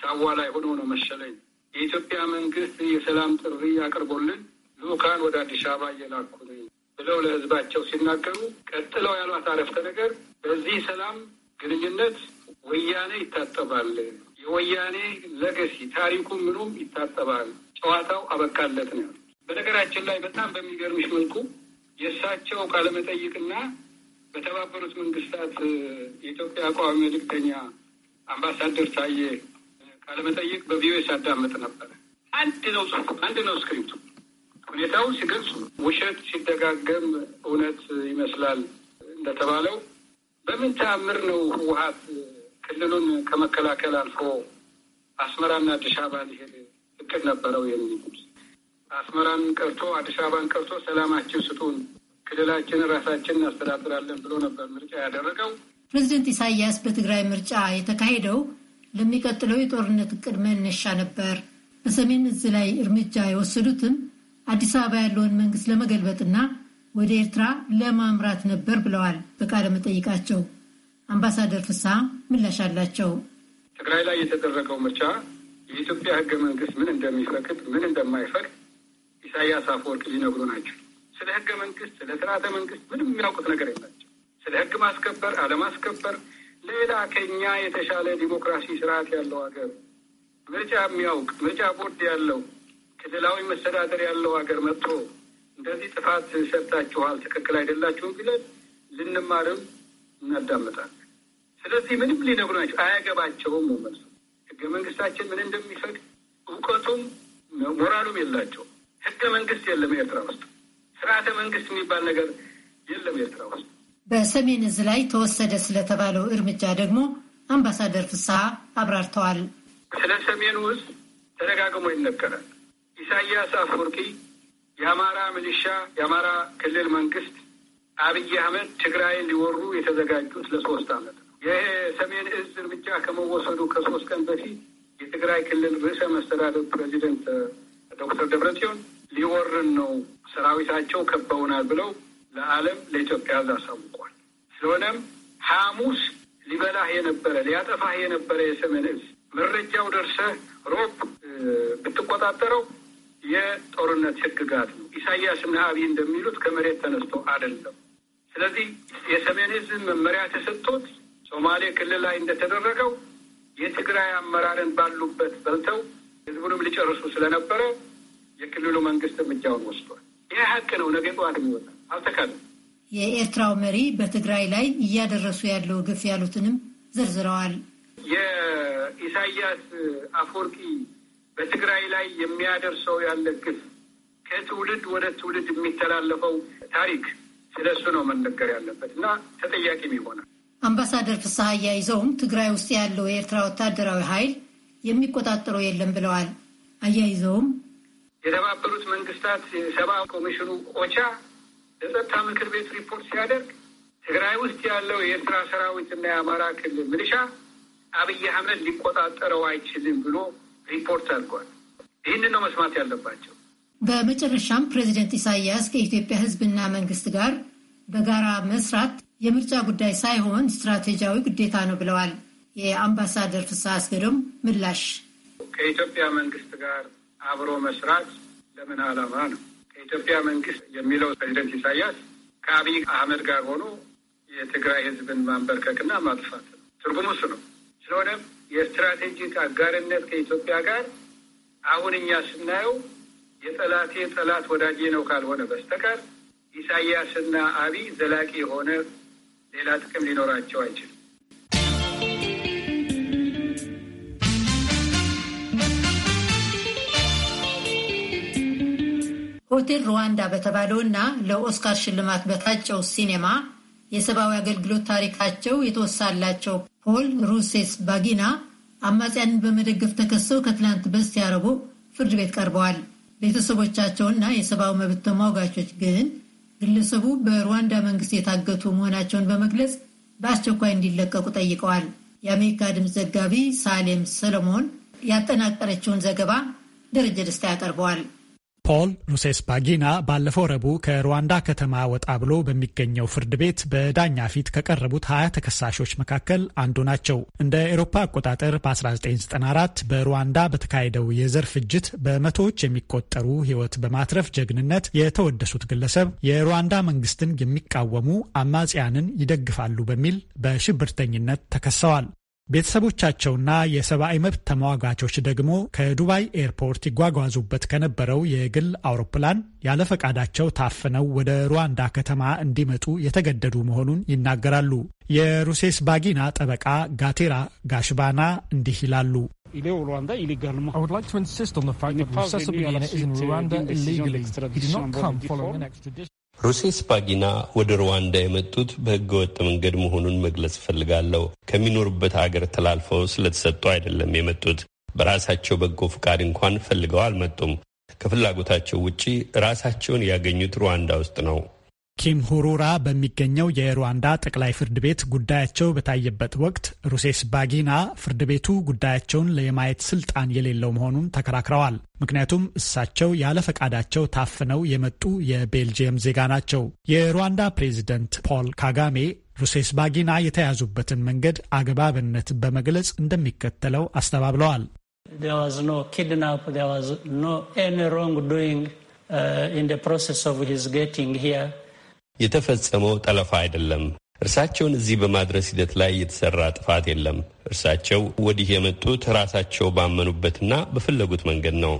Speaker 13: ሳዋ ላይ ሆኖ ነው መሰለኝ የኢትዮጵያ መንግስት የሰላም ጥሪ አቅርቦልን ልኡካን ወደ አዲስ አበባ እየላኩ ነኝ ብለው ለህዝባቸው ሲናገሩ ቀጥለው ያሏት አረፍተ ነገር በዚህ ሰላም ግንኙነት ወያኔ ይታጠባል፣ የወያኔ ለገሲ ታሪኩ ምኑም ይታጠባል፣ ጨዋታው አበቃለት ነው። በነገራችን ላይ በጣም በሚገርምሽ መልኩ የእሳቸው ቃለመጠይቅና በተባበሩት መንግስታት የኢትዮጵያ አቋሚ መልእክተኛ አምባሳደር ታዬ ቃለመጠይቅ በቪኦኤ ሳዳመጥ ነበረ። አንድ ነው ጽሑፉ፣ አንድ ነው ስክሪፕቱ ሁኔታውን ሲገልጹ ውሸት ሲደጋገም እውነት ይመስላል እንደተባለው በምን ተአምር ነው ህወሀት ክልሉን ከመከላከል አልፎ አስመራና አዲስ አበባ ሊሄድ እቅድ ነበረው የሚሉት አስመራን ቀርቶ አዲስ አበባን ቀርቶ ሰላማችን ስጡን፣ ክልላችን ራሳችን እናስተዳድራለን ብሎ ነበር ምርጫ ያደረገው።
Speaker 1: ፕሬዚደንት ኢሳያስ በትግራይ ምርጫ የተካሄደው ለሚቀጥለው የጦርነት እቅድ መነሻ ነበር። በሰሜን እዝ ላይ እርምጃ የወሰዱትም አዲስ አበባ ያለውን መንግስት ለመገልበጥና ወደ ኤርትራ ለማምራት ነበር ብለዋል። በቃለ መጠይቃቸው አምባሳደር ፍስሐ ምላሽ አላቸው።
Speaker 13: ትግራይ ላይ የተደረገው ምርጫ የኢትዮጵያ ህገ መንግስት ምን እንደሚፈቅድ ምን እንደማይፈቅድ ኢሳያስ አፈወርቅ ሊነግሩ ናቸው። ስለ ህገ መንግስት፣ ስለ ስርዓተ መንግስት ምንም የሚያውቁት ነገር የላቸው። ስለ ህግ ማስከበር አለማስከበር፣ ሌላ ከኛ የተሻለ ዲሞክራሲ ስርዓት ያለው ሀገር ምርጫ የሚያውቅ ምርጫ ቦርድ ያለው ክልላዊ መስተዳደር ያለው ሀገር መጥቶ እንደዚህ ጥፋት ሰርታችኋል፣ ትክክል አይደላችሁም ቢለን ልንማርም እናዳምጣል። ስለዚህ ምንም ናቸው አያገባቸውም ነው መልሱ። ህገ መንግስታችን ምን እንደሚፈቅድ እውቀቱም ሞራሉም የላቸው። ህገ መንግስት የለም ኤርትራ ውስጥ፣ ስርዓተ መንግስት የሚባል ነገር የለም ኤርትራ ውስጥ።
Speaker 1: በሰሜን እዝ ላይ ተወሰደ ስለተባለው እርምጃ ደግሞ አምባሳደር ፍስሐ አብራርተዋል።
Speaker 13: ስለ ሰሜኑ ውስጥ ተደጋግሞ ይነገራል። ኢሳያስ አፈወርቂ የአማራ ሚሊሻ የአማራ ክልል መንግስት አብይ አህመድ ትግራይን ሊወሩ የተዘጋጁት ለሶስት አመት ነው። የሰሜን እዝ እርምጃ ከመወሰዱ ከሶስት ቀን በፊት የትግራይ ክልል ርዕሰ መስተዳደር ፕሬዚደንት ዶክተር ደብረጽዮን ሊወርን ነው ሰራዊታቸው ከበውናል ብለው ለዓለም ለኢትዮጵያ አሳውቋል። ስለሆነም ሐሙስ ሊበላህ የነበረ ሊያጠፋህ የነበረ የሰሜን እዝ መረጃው ደርሰህ ሮብ ብትቆጣጠረው የጦርነት ህግጋት ነው። ኢሳያስና አብይ እንደሚሉት ከመሬት ተነስቶ አይደለም። ስለዚህ የሰሜን ህዝብ መመሪያ ተሰጥቶት ሶማሌ ክልል ላይ እንደተደረገው የትግራይ አመራርን ባሉበት በልተው ህዝቡንም ሊጨርሱ ስለነበረ የክልሉ መንግስት እርምጃውን ወስዷል። ይህ ሀቅ ነው። ነገ ጠዋት የሚወጣ አልተካለ።
Speaker 1: የኤርትራው መሪ በትግራይ ላይ እያደረሱ ያለው ግፍ ያሉትንም ዘርዝረዋል።
Speaker 13: የኢሳያስ አፈወርቂ በትግራይ ላይ የሚያደርሰው ያለ ግፍ ከትውልድ ወደ ትውልድ የሚተላለፈው ታሪክ እሱ ነው መነገር ያለበት እና ተጠያቂም ይሆናል።
Speaker 1: አምባሳደር ፍስሐ አያይዘውም ትግራይ ውስጥ ያለው የኤርትራ ወታደራዊ ኃይል የሚቆጣጠረው የለም ብለዋል። አያይዘውም
Speaker 13: የተባበሩት መንግስታት የሰብአዊ ኮሚሽኑ ኦቻ ለጸጥታ ምክር ቤት ሪፖርት ሲያደርግ ትግራይ ውስጥ ያለው የኤርትራ ሰራዊትና የአማራ ክልል ምልሻ አብይ አህመድ ሊቆጣጠረው አይችልም ብሎ ሪፖርት አድርጓል። ይህንን ነው መስማት ያለባቸው።
Speaker 1: በመጨረሻም ፕሬዚደንት ኢሳያስ ከኢትዮጵያ ሕዝብና መንግስት ጋር በጋራ መስራት የምርጫ ጉዳይ ሳይሆን ስትራቴጂያዊ ግዴታ ነው ብለዋል። የአምባሳደር ፍስሐ አስገዶም ምላሽ
Speaker 13: ከኢትዮጵያ መንግስት ጋር አብሮ መስራት ለምን ዓላማ ነው? ከኢትዮጵያ መንግስት የሚለው ፕሬዚደንት ኢሳያስ ከአብይ አህመድ ጋር ሆኖ የትግራይ ህዝብን ማንበርከክና ማጥፋት ነው። ትርጉሙ እሱ ነው። ስለሆነም የስትራቴጂክ አጋርነት ከኢትዮጵያ ጋር አሁን እኛ ስናየው የጠላቴ ጠላት ወዳጄ ነው ካልሆነ በስተቀር ኢሳያስና አቢይ ዘላቂ የሆነ ሌላ ጥቅም ሊኖራቸው አይችልም።
Speaker 1: ሆቴል ሩዋንዳ በተባለውና ለኦስካር ሽልማት በታጨው ሲኔማ የሰብአዊ አገልግሎት ታሪካቸው የተወሳላቸው ፖል ሩሴስ ባጊና አማጽያንን በመደገፍ ተከሰው ከትላንት በስቲያ ረቡዕ ፍርድ ቤት ቀርበዋል። ቤተሰቦቻቸውና የሰብአዊ መብት ተሟጋቾች ግን ግለሰቡ በሩዋንዳ መንግስት የታገቱ መሆናቸውን በመግለጽ በአስቸኳይ እንዲለቀቁ ጠይቀዋል። የአሜሪካ ድምፅ ዘጋቢ ሳሌም ሰለሞን ያጠናቀረችውን ዘገባ ደረጀ ደስታ ያቀርበዋል።
Speaker 7: ፖል ሩሴስፓጊና ባለፈው ረቡዕ ከሩዋንዳ ከተማ ወጣ ብሎ በሚገኘው ፍርድ ቤት በዳኛ ፊት ከቀረቡት ሀያ ተከሳሾች መካከል አንዱ ናቸው። እንደ ኤሮፓ አቆጣጠር በ1994 በሩዋንዳ በተካሄደው የዘር ፍጅት በመቶዎች የሚቆጠሩ ሕይወት በማትረፍ ጀግንነት የተወደሱት ግለሰብ የሩዋንዳ መንግስትን የሚቃወሙ አማጽያንን ይደግፋሉ በሚል በሽብርተኝነት ተከሰዋል። ቤተሰቦቻቸውና የሰብአዊ መብት ተሟጋቾች ደግሞ ከዱባይ ኤርፖርት ይጓጓዙበት ከነበረው የግል አውሮፕላን ያለ ፈቃዳቸው ታፍነው ወደ ሩዋንዳ ከተማ እንዲመጡ የተገደዱ መሆኑን ይናገራሉ። የሩሴስ ባጊና ጠበቃ ጋቴራ ጋሽባና እንዲህ ይላሉ።
Speaker 4: ሩሴ ስፓጊና ወደ ሩዋንዳ የመጡት በህገ ወጥ መንገድ መሆኑን መግለጽ እፈልጋለሁ። ከሚኖሩበት አገር ተላልፈው ስለተሰጡ አይደለም የመጡት። በራሳቸው በጎ ፍቃድ እንኳን ፈልገው አልመጡም። ከፍላጎታቸው ውጪ ራሳቸውን ያገኙት ሩዋንዳ ውስጥ ነው።
Speaker 7: ኪም ሁሩራ በሚገኘው የሩዋንዳ ጠቅላይ ፍርድ ቤት ጉዳያቸው በታየበት ወቅት ሩሴስ ባጊና ፍርድ ቤቱ ጉዳያቸውን የማየት ስልጣን የሌለው መሆኑን ተከራክረዋል። ምክንያቱም እሳቸው ያለ ፈቃዳቸው ታፍነው የመጡ የቤልጅየም ዜጋ ናቸው። የሩዋንዳ ፕሬዚደንት ፖል ካጋሜ ሩሴስ ባጊና የተያዙበትን መንገድ አግባብነት በመግለጽ እንደሚከተለው አስተባብለዋል።
Speaker 14: ሮንግ ዱንግ ኢን ፕሮሰስ ኦፍ ሂዝ ጌቲንግ ሂር
Speaker 4: የተፈጸመው ጠለፋ አይደለም። እርሳቸውን እዚህ በማድረስ ሂደት ላይ የተሰራ ጥፋት የለም። እርሳቸው ወዲህ የመጡት ራሳቸው ባመኑበትና በፈለጉት መንገድ ነው።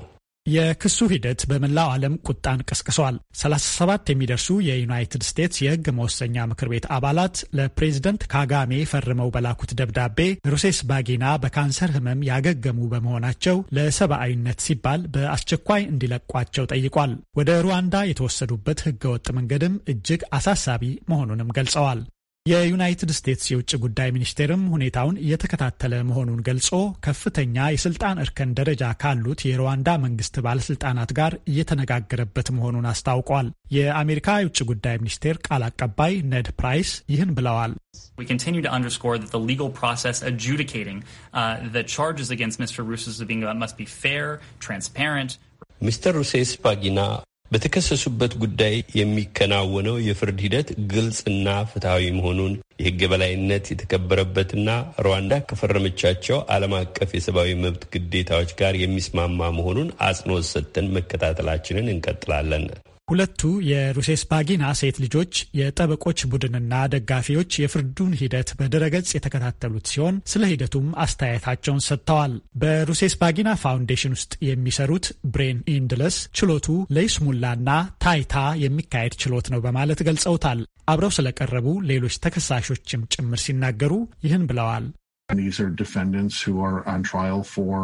Speaker 7: የክሱ ሂደት በመላው ዓለም ቁጣን ቀስቅሷል። 37 የሚደርሱ የዩናይትድ ስቴትስ የህግ መወሰኛ ምክር ቤት አባላት ለፕሬዝደንት ካጋሜ ፈርመው በላኩት ደብዳቤ ሩሴስ ባጊና በካንሰር ህመም ያገገሙ በመሆናቸው ለሰብአዊነት ሲባል በአስቸኳይ እንዲለቋቸው ጠይቋል። ወደ ሩዋንዳ የተወሰዱበት ህገወጥ መንገድም እጅግ አሳሳቢ መሆኑንም ገልጸዋል። የዩናይትድ ስቴትስ የውጭ ጉዳይ ሚኒስቴርም ሁኔታውን እየተከታተለ መሆኑን ገልጾ ከፍተኛ የስልጣን እርከን ደረጃ ካሉት የሩዋንዳ መንግስት ባለስልጣናት ጋር እየተነጋገረበት መሆኑን አስታውቋል። የአሜሪካ የውጭ ጉዳይ ሚኒስቴር ቃል አቀባይ ነድ ፕራይስ
Speaker 4: ይህን ብለዋል። ሚስተር ሩሴስ ባጊና በተከሰሱበት ጉዳይ የሚከናወነው የፍርድ ሂደት ግልጽና ፍትሐዊ መሆኑን የሕግ የበላይነት የተከበረበትና ሩዋንዳ ከፈረመቻቸው ዓለም አቀፍ የሰብአዊ መብት ግዴታዎች ጋር የሚስማማ መሆኑን አጽንኦት ሰጥተን መከታተላችንን እንቀጥላለን።
Speaker 7: ሁለቱ የሩሴስባጊና ሴት ልጆች የጠበቆች ቡድንና ደጋፊዎች የፍርዱን ሂደት በድረገጽ የተከታተሉት ሲሆን ስለ ሂደቱም አስተያየታቸውን ሰጥተዋል። በሩሴስባጊና ፋውንዴሽን ውስጥ የሚሰሩት ብሬን ኢንድለስ ችሎቱ ለይስሙላና ታይታ የሚካሄድ ችሎት ነው በማለት ገልጸውታል። አብረው ስለቀረቡ ሌሎች ተከሳሾችም ጭምር ሲናገሩ ይህን ብለዋል።
Speaker 13: These are defendants who are
Speaker 7: on trial for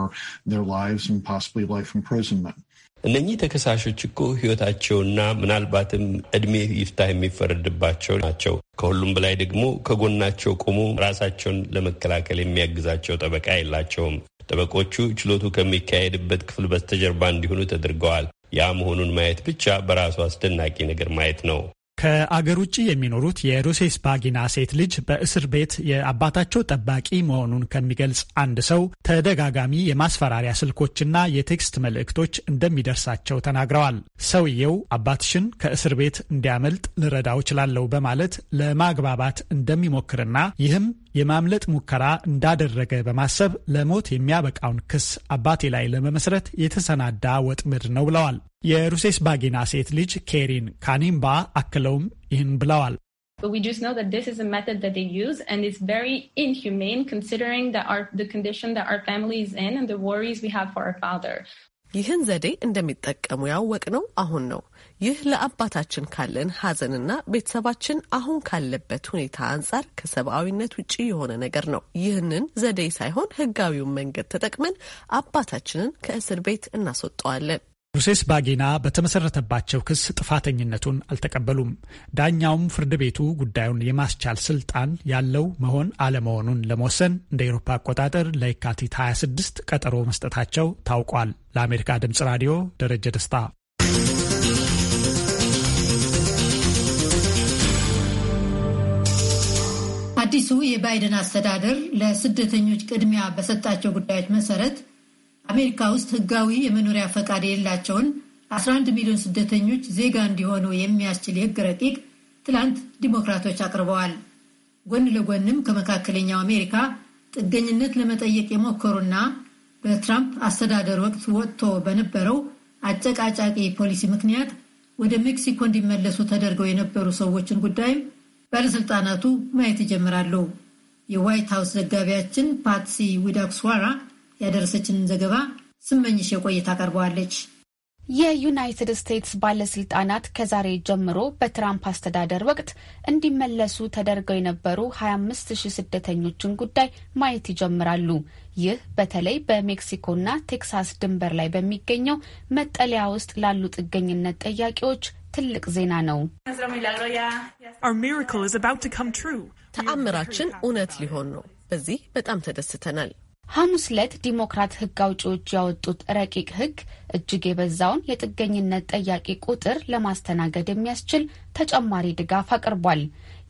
Speaker 7: their lives and possibly life imprisonment.
Speaker 4: እነኚህ ተከሳሾች እኮ ህይወታቸውና ምናልባትም እድሜ ይፍታ የሚፈረድባቸው ናቸው። ከሁሉም በላይ ደግሞ ከጎናቸው ቆሞ ራሳቸውን ለመከላከል የሚያግዛቸው ጠበቃ የላቸውም። ጠበቆቹ ችሎቱ ከሚካሄድበት ክፍል በስተጀርባ እንዲሆኑ ተደርገዋል። ያ መሆኑን ማየት ብቻ በራሱ አስደናቂ ነገር ማየት ነው።
Speaker 7: ከአገር ውጭ የሚኖሩት ባጊና ሴት ልጅ በእስር ቤት የአባታቸው ጠባቂ መሆኑን ከሚገልጽ አንድ ሰው ተደጋጋሚ የማስፈራሪያ ስልኮችና የቴክስት መልእክቶች እንደሚደርሳቸው ተናግረዋል። ሰውየው አባትሽን ከእስር ቤት እንዲያመልጥ ልረዳው እችላለሁ በማለት ለማግባባት እንደሚሞክርና ይህም የማምለጥ ሙከራ እንዳደረገ በማሰብ ለሞት የሚያበቃውን ክስ አባቴ ላይ ለመመስረት የተሰናዳ ወጥመድ ነው ብለዋል። የሩሴስ ባጊና ሴት ልጅ ኬሪን ካኒምባ አክለውም ይህን ብለዋል።
Speaker 9: ይህን ዘዴ እንደሚጠቀሙ ያወቅ ነው አሁን ነው። ይህ ለአባታችን ካለን ሐዘንና ቤተሰባችን አሁን ካለበት ሁኔታ አንጻር ከሰብአዊነት ውጪ የሆነ ነገር ነው። ይህንን ዘዴ ሳይሆን ህጋዊውን መንገድ ተጠቅመን አባታችንን ከእስር ቤት እናስወጠዋለን።
Speaker 7: ሩሴስ ባጌና በተመሰረተባቸው ክስ ጥፋተኝነቱን አልተቀበሉም። ዳኛውም ፍርድ ቤቱ ጉዳዩን የማስቻል ስልጣን ያለው መሆን አለመሆኑን ለመወሰን እንደ ኤሮፓ አቆጣጠር ለየካቲት 26 ቀጠሮ መስጠታቸው ታውቋል። ለአሜሪካ ድምጽ ራዲዮ ደረጀ ደስታ።
Speaker 1: አዲሱ የባይደን አስተዳደር ለስደተኞች ቅድሚያ በሰጣቸው ጉዳዮች መሰረት አሜሪካ ውስጥ ህጋዊ የመኖሪያ ፈቃድ የሌላቸውን 11 ሚሊዮን ስደተኞች ዜጋ እንዲሆኑ የሚያስችል የህግ ረቂቅ ትላንት ዲሞክራቶች አቅርበዋል። ጎን ለጎንም ከመካከለኛው አሜሪካ ጥገኝነት ለመጠየቅ የሞከሩና በትራምፕ አስተዳደር ወቅት ወጥቶ በነበረው አጨቃጫቂ ፖሊሲ ምክንያት ወደ ሜክሲኮ እንዲመለሱ ተደርገው የነበሩ ሰዎችን ጉዳይም ባለስልጣናቱ ማየት ይጀምራሉ። የዋይት ሀውስ ዘጋቢያችን ፓትሲ ዊዳክስዋራ ያደረሰችንን ዘገባ ስመኝሽ የቆይታ አቀርበዋለች።
Speaker 15: የዩናይትድ ስቴትስ ባለስልጣናት ከዛሬ ጀምሮ በትራምፕ አስተዳደር ወቅት እንዲመለሱ ተደርገው የነበሩ 25,000 ስደተኞችን ጉዳይ ማየት ይጀምራሉ። ይህ በተለይ በሜክሲኮና ቴክሳስ ድንበር ላይ በሚገኘው መጠለያ ውስጥ ላሉ ጥገኝነት
Speaker 9: ጠያቂዎች ትልቅ ዜና ነው። ተአምራችን እውነት ሊሆን ነው። በዚህ በጣም ተደስተናል።
Speaker 15: ሐሙስ ዕለት ዲሞክራት ሕግ አውጪዎች ያወጡት ረቂቅ ሕግ እጅግ የበዛውን የጥገኝነት ጠያቂ ቁጥር ለማስተናገድ የሚያስችል ተጨማሪ ድጋፍ አቅርቧል።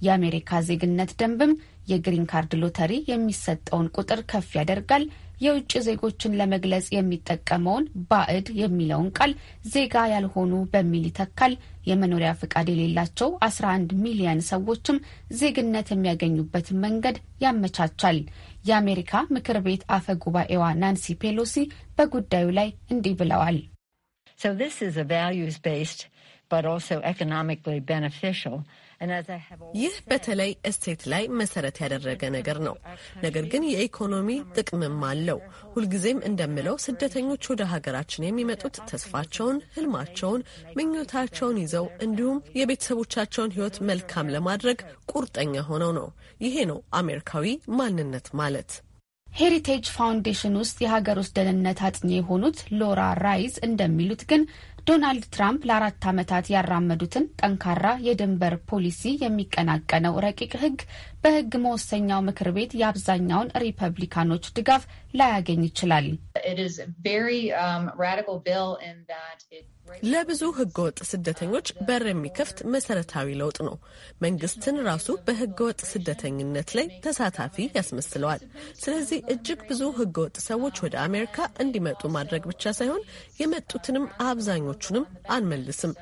Speaker 15: የአሜሪካ ዜግነት ደንብም የግሪን ካርድ ሎተሪ የሚሰጠውን ቁጥር ከፍ ያደርጋል። የውጭ ዜጎችን ለመግለጽ የሚጠቀመውን ባዕድ የሚለውን ቃል ዜጋ ያልሆኑ በሚል ይተካል። የመኖሪያ ፍቃድ የሌላቸው 11 ሚሊየን ሰዎችም ዜግነት የሚያገኙበትን መንገድ ያመቻቻል። የአሜሪካ ምክር ቤት አፈ ጉባኤዋ ናንሲ ፔሎሲ በጉዳዩ ላይ እንዲህ ብለዋል።
Speaker 1: So this is a
Speaker 9: values-based but also economically beneficial ይህ በተለይ እሴት ላይ መሰረት ያደረገ ነገር ነው። ነገር ግን የኢኮኖሚ ጥቅምም አለው። ሁልጊዜም እንደምለው ስደተኞች ወደ ሀገራችን የሚመጡት ተስፋቸውን፣ ህልማቸውን፣ ምኞታቸውን ይዘው እንዲሁም የቤተሰቦቻቸውን ህይወት መልካም ለማድረግ ቁርጠኛ ሆነው ነው። ይሄ ነው አሜሪካዊ ማንነት ማለት። ሄሪቴጅ ፋውንዴሽን
Speaker 15: ውስጥ የሀገር ውስጥ ደህንነት አጥኚ የሆኑት ሎራ ራይዝ እንደሚሉት ግን ዶናልድ ትራምፕ ለአራት ዓመታት ያራመዱትን ጠንካራ የድንበር ፖሊሲ የሚቀናቀነው ረቂቅ ህግ በህግ መወሰኛው ምክር ቤት የአብዛኛውን ሪፐብሊካኖች ድጋፍ ላያገኝ
Speaker 9: ይችላል። ለብዙ ህገወጥ ስደተኞች በር የሚከፍት መሰረታዊ ለውጥ ነው። መንግስትን ራሱ በህገወጥ ስደተኝነት ላይ ተሳታፊ ያስመስለዋል። ስለዚህ እጅግ ብዙ ህገወጥ ሰዎች ወደ አሜሪካ እንዲመጡ ማድረግ ብቻ ሳይሆን የመጡትንም አብዛኞቹንም አንመልስም።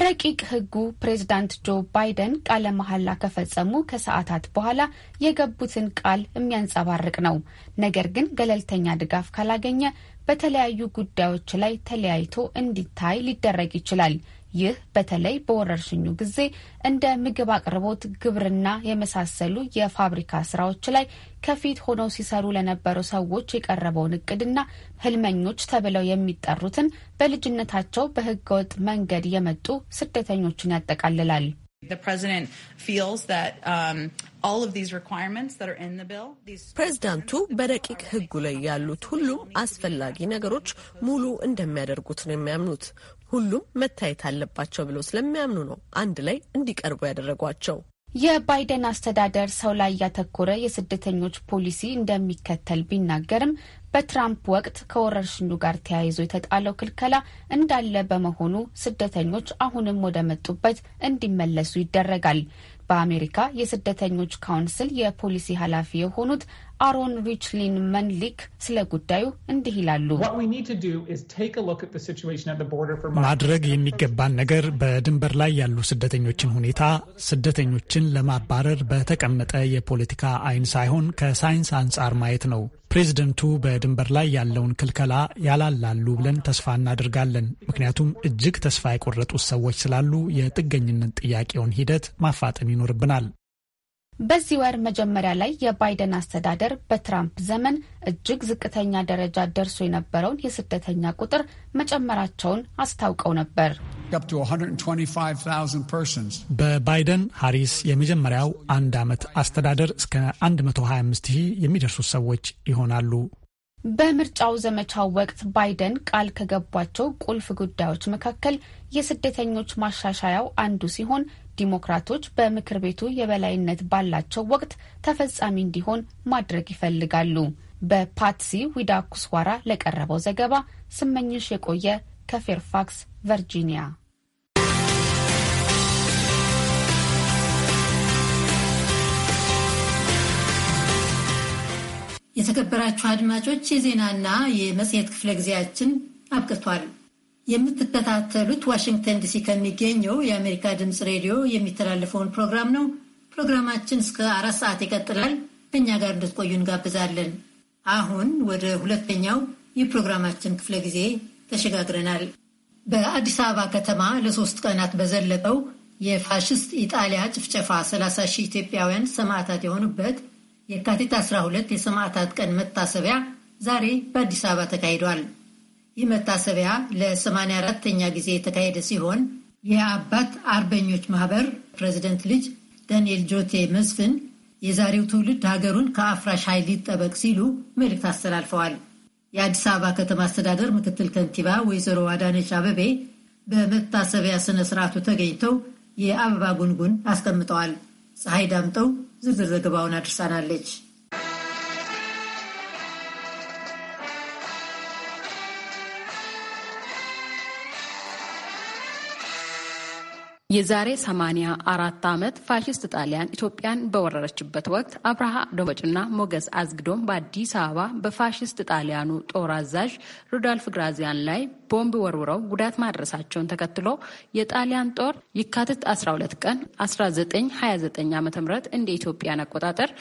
Speaker 15: ረቂቅ ሕጉ ፕሬዝዳንት ጆ ባይደን ቃለ መሐላ ከፈጸሙ ከሰዓታት በኋላ የገቡትን ቃል የሚያንጸባርቅ ነው። ነገር ግን ገለልተኛ ድጋፍ ካላገኘ በተለያዩ ጉዳዮች ላይ ተለያይቶ እንዲታይ ሊደረግ ይችላል። ይህ በተለይ በወረርሽኙ ጊዜ እንደ ምግብ አቅርቦት፣ ግብርና የመሳሰሉ የፋብሪካ ስራዎች ላይ ከፊት ሆነው ሲሰሩ ለነበሩ ሰዎች የቀረበውን እቅድና ህልመኞች ተብለው የሚጠሩትን በልጅነታቸው በህገወጥ መንገድ የመጡ ስደተኞችን ያጠቃልላል።
Speaker 16: um,
Speaker 9: ፕሬዚዳንቱ በረቂቅ ህጉ ላይ ያሉት ሁሉም አስፈላጊ ነገሮች ሙሉ እንደሚያደርጉት ነው የሚያምኑት። ሁሉም መታየት አለባቸው ብለው ስለሚያምኑ ነው አንድ ላይ እንዲቀርቡ ያደረጓቸው።
Speaker 15: የባይደን አስተዳደር ሰው ላይ ያተኮረ የስደተኞች ፖሊሲ እንደሚከተል ቢናገርም በትራምፕ ወቅት ከወረርሽኙ ጋር ተያይዞ የተጣለው ክልከላ እንዳለ በመሆኑ ስደተኞች አሁንም ወደ መጡበት እንዲመለሱ ይደረጋል። በአሜሪካ የስደተኞች ካውንስል የፖሊሲ ኃላፊ የሆኑት አሮን ሪችሊን መንሊክ ስለ ጉዳዩ እንዲህ ይላሉ። ማድረግ የሚገባን
Speaker 7: ነገር በድንበር ላይ ያሉ ስደተኞችን ሁኔታ ስደተኞችን ለማባረር በተቀመጠ የፖለቲካ አይን ሳይሆን ከሳይንስ አንጻር ማየት ነው። ፕሬዚደንቱ በድንበር ላይ ያለውን ክልከላ ያላላሉ ብለን ተስፋ እናደርጋለን። ምክንያቱም እጅግ ተስፋ የቆረጡት ሰዎች ስላሉ የጥገኝነት ጥያቄውን ሂደት ማፋጠን ይኖርብናል።
Speaker 15: በዚህ ወር መጀመሪያ ላይ የባይደን አስተዳደር በትራምፕ ዘመን እጅግ ዝቅተኛ ደረጃ ደርሶ የነበረውን የስደተኛ ቁጥር መጨመራቸውን አስታውቀው ነበር።
Speaker 7: በባይደን ሃሪስ የመጀመሪያው አንድ ዓመት አስተዳደር እስከ 125 ሺህ የሚደርሱ ሰዎች ይሆናሉ።
Speaker 15: በምርጫው ዘመቻው ወቅት ባይደን ቃል ከገቧቸው ቁልፍ ጉዳዮች መካከል የስደተኞች ማሻሻያው አንዱ ሲሆን ዲሞክራቶች በምክር ቤቱ የበላይነት ባላቸው ወቅት ተፈጻሚ እንዲሆን ማድረግ ይፈልጋሉ። በፓትሲ ዊዳኩስዋራ ለቀረበው ዘገባ ስመኝሽ የቆየ ከፌርፋክስ ቨርጂኒያ። የተከበራችሁ
Speaker 1: አድማጮች የዜናና የመጽሔት ክፍለ ጊዜያችን አብቅቷል። የምትከታተሉት ዋሽንግተን ዲሲ ከሚገኘው የአሜሪካ ድምፅ ሬዲዮ የሚተላለፈውን ፕሮግራም ነው። ፕሮግራማችን እስከ አራት ሰዓት ይቀጥላል። ከእኛ ጋር እንድትቆዩ እንጋብዛለን። አሁን ወደ ሁለተኛው የፕሮግራማችን ክፍለ ጊዜ ተሸጋግረናል። በአዲስ አበባ ከተማ ለሶስት ቀናት በዘለቀው የፋሽስት ኢጣሊያ ጭፍጨፋ 30 ሺህ ኢትዮጵያውያን ሰማዕታት የሆኑበት የካቲት 12 የሰማዕታት ቀን መታሰቢያ ዛሬ በአዲስ አበባ ተካሂዷል። ይህ መታሰቢያ ለ84ተኛ ጊዜ የተካሄደ ሲሆን የአባት አርበኞች ማህበር ፕሬዚደንት ልጅ ዳንኤል ጆቴ መስፍን የዛሬው ትውልድ ሀገሩን ከአፍራሽ ኃይል ሊጠበቅ ሲሉ መልእክት አስተላልፈዋል። የአዲስ አበባ ከተማ አስተዳደር ምክትል ከንቲባ ወይዘሮ አዳነች አበቤ በመታሰቢያ ስነ ስርዓቱ ተገኝተው የአበባ ጉንጉን አስቀምጠዋል። ፀሐይ ዳምጠው ዝርዝር ዘገባውን አድርሳናለች።
Speaker 17: የዛሬ 84 ዓመት ፋሽስት ጣሊያን ኢትዮጵያን በወረረችበት ወቅት አብርሃ ደንበጭና ሞገስ አዝግዶም በአዲስ አበባ በፋሽስት ጣሊያኑ ጦር አዛዥ ሩዳልፍ ግራዚያን ላይ ቦምብ ወርውረው ጉዳት ማድረሳቸውን ተከትሎ የጣሊያን ጦር የካቲት 12 ቀን 1929 ዓ ም እንደ ኢትዮጵያን አቆጣጠር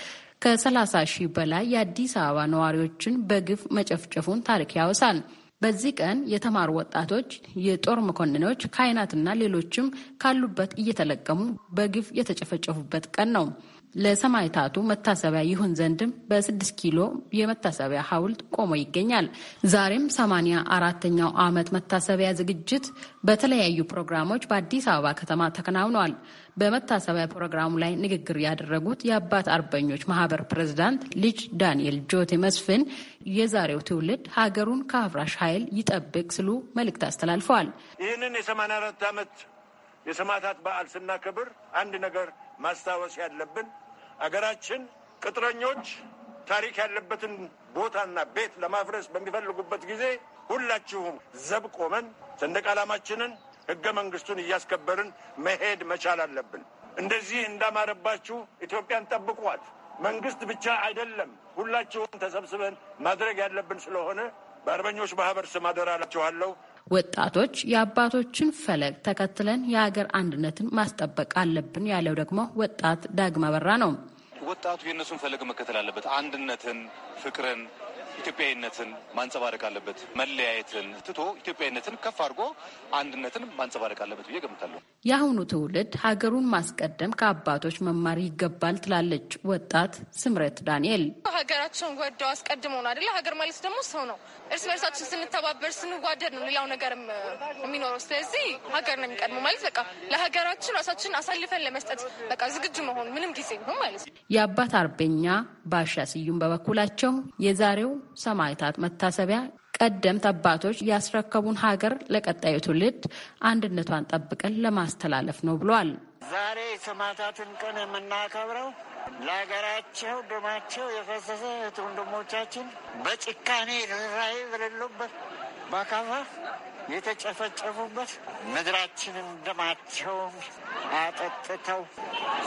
Speaker 17: ከ30 ሺህ በላይ የአዲስ አበባ ነዋሪዎችን በግፍ መጨፍጨፉን ታሪክ ያወሳል። በዚህ ቀን የተማሩ ወጣቶች፣ የጦር መኮንኖች፣ ካህናትና ሌሎችም ካሉበት እየተለቀሙ በግፍ የተጨፈጨፉበት ቀን ነው። ለሰማዕታቱ መታሰቢያ ይሁን ዘንድም በስድስት ኪሎ የመታሰቢያ ሐውልት ቆሞ ይገኛል። ዛሬም ሰማንያ አራተኛው ዓመት መታሰቢያ ዝግጅት በተለያዩ ፕሮግራሞች በአዲስ አበባ ከተማ ተከናውነዋል። በመታሰቢያ ፕሮግራሙ ላይ ንግግር ያደረጉት የአባት አርበኞች ማህበር ፕሬዝዳንት ልጅ ዳንኤል ጆቴ መስፍን የዛሬው ትውልድ ሀገሩን ከአፍራሽ ኃይል ይጠብቅ ስሉ መልእክት አስተላልፈዋል።
Speaker 4: ይህንን የሰማንያ አራት ዓመት የሰማዕታት በዓል ስናከብር አንድ ነገር ማስታወስ ያለብን አገራችን ቅጥረኞች ታሪክ ያለበትን ቦታና ቤት ለማፍረስ በሚፈልጉበት ጊዜ ሁላችሁም ዘብ ቆመን ሰንደቅ ዓላማችንን ህገ መንግስቱን እያስከበርን መሄድ መቻል አለብን። እንደዚህ እንዳማረባችሁ ኢትዮጵያን ጠብቋት። መንግስት ብቻ አይደለም፣ ሁላችሁም ተሰብስበን ማድረግ ያለብን ስለሆነ በአርበኞች ማህበር ስም አደራላችኋለሁ።
Speaker 17: ወጣቶች የአባቶችን ፈለግ ተከትለን የሀገር አንድነትን ማስጠበቅ አለብን ያለው ደግሞ ወጣት ዳግማ በራ ነው።
Speaker 3: ወጣቱ የእነሱን ፈለግ መከተል አለበት። አንድነትን፣ ፍቅርን ኢትዮጵያዊነትን ማንጸባረቅ አለበት። መለያየትን ትቶ ኢትዮጵያዊነትን ከፍ አድርጎ አንድነትን ማንጸባረቅ አለበት ብዬ ገምታለሁ።
Speaker 17: የአሁኑ ትውልድ ሀገሩን ማስቀደም ከአባቶች መማር ይገባል ትላለች ወጣት ስምረት ዳንኤል።
Speaker 18: ሀገራችን ወደው አስቀድመው ነው አደለ? ሀገር ማለት ደግሞ ሰው ነው። እርስ በርሳችን ስንተባበር ስንዋደድ ነው ሌላው ነገር የሚኖረው። ስለዚህ ሀገር ነው የሚቀድመው ማለት በቃ ለሀገራችን ራሳችን አሳልፈን ለመስጠት በቃ ዝግጁ መሆን ምንም ጊዜ ነው ማለት ነው።
Speaker 17: የአባት አርበኛ ባሻ ስዩም በበኩላቸው የዛሬው ሰማዕታት መታሰቢያ ቀደምት አባቶች ያስረከቡን ሀገር ለቀጣዩ ትውልድ አንድነቷን ጠብቀን ለማስተላለፍ ነው ብሏል።
Speaker 12: ዛሬ የሰማዕታትን ቀን የምናከብረው ለሀገራቸው ደማቸው የፈሰሰ እህት ወንድሞቻችን በጭካኔ ርኅራኄ በሌለበት በአካፋ የተጨፈጨፉበት ምድራችንን ደማቸውን አጠጥተው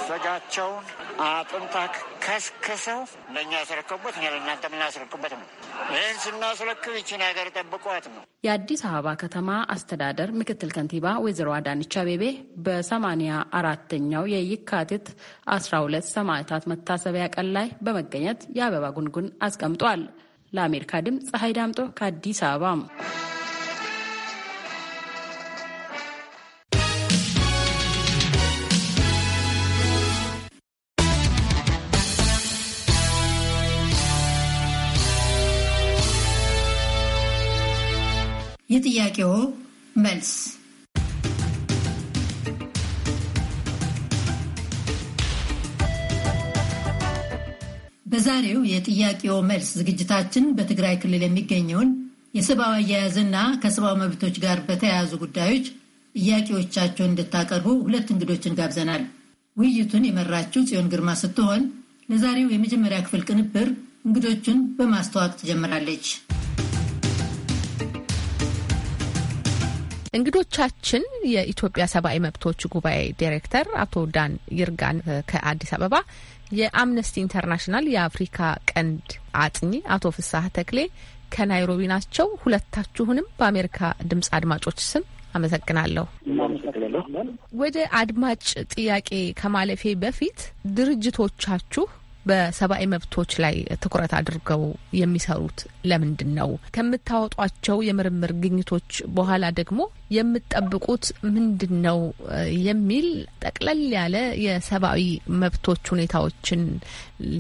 Speaker 12: ስጋቸውን አጥንታ ከስክሰው ለእኛ ያስረከቡበት እኛ ለእናንተ የምናስረክቡበት ነው።
Speaker 10: ይህን ስናስረክብ ይችን ሀገር ጠብቋት ነው።
Speaker 17: የአዲስ አበባ ከተማ አስተዳደር ምክትል ከንቲባ ወይዘሮ አዳነች አቤቤ በሰማንያ አራተኛው የየካቲት አስራ ሁለት ሰማዕታት መታሰቢያ ቀን ላይ በመገኘት የአበባ ጉንጉን አስቀምጧል። ለአሜሪካ ድምፅ ፀሐይ ዳምጦ ከአዲስ አበባ
Speaker 1: የጥያቄው መልስ በዛሬው የጥያቄው መልስ ዝግጅታችን በትግራይ ክልል የሚገኘውን የሰብአዊ አያያዝና ከሰብአዊ መብቶች ጋር በተያያዙ ጉዳዮች ጥያቄዎቻቸውን እንድታቀርቡ ሁለት እንግዶችን ጋብዘናል። ውይይቱን የመራችው ጽዮን ግርማ ስትሆን ለዛሬው የመጀመሪያ ክፍል ቅንብር እንግዶቹን በማስተዋወቅ ትጀምራለች።
Speaker 18: እንግዶቻችን የኢትዮጵያ ሰብአዊ መብቶች ጉባኤ ዳይሬክተር አቶ ዳን ይርጋን ከአዲስ አበባ፣ የአምነስቲ ኢንተርናሽናል የአፍሪካ ቀንድ አጥኚ አቶ ፍሳሀ ተክሌ ከናይሮቢ ናቸው። ሁለታችሁንም በአሜሪካ ድምጽ አድማጮች ስም አመሰግናለሁ። ወደ አድማጭ ጥያቄ ከማለፌ በፊት ድርጅቶቻችሁ በሰብአዊ መብቶች ላይ ትኩረት አድርገው የሚሰሩት ለምንድን ነው? ከምታወጧቸው የምርምር ግኝቶች በኋላ ደግሞ የምትጠብቁት ምንድን ነው የሚል ጠቅለል ያለ የሰብአዊ መብቶች ሁኔታዎችን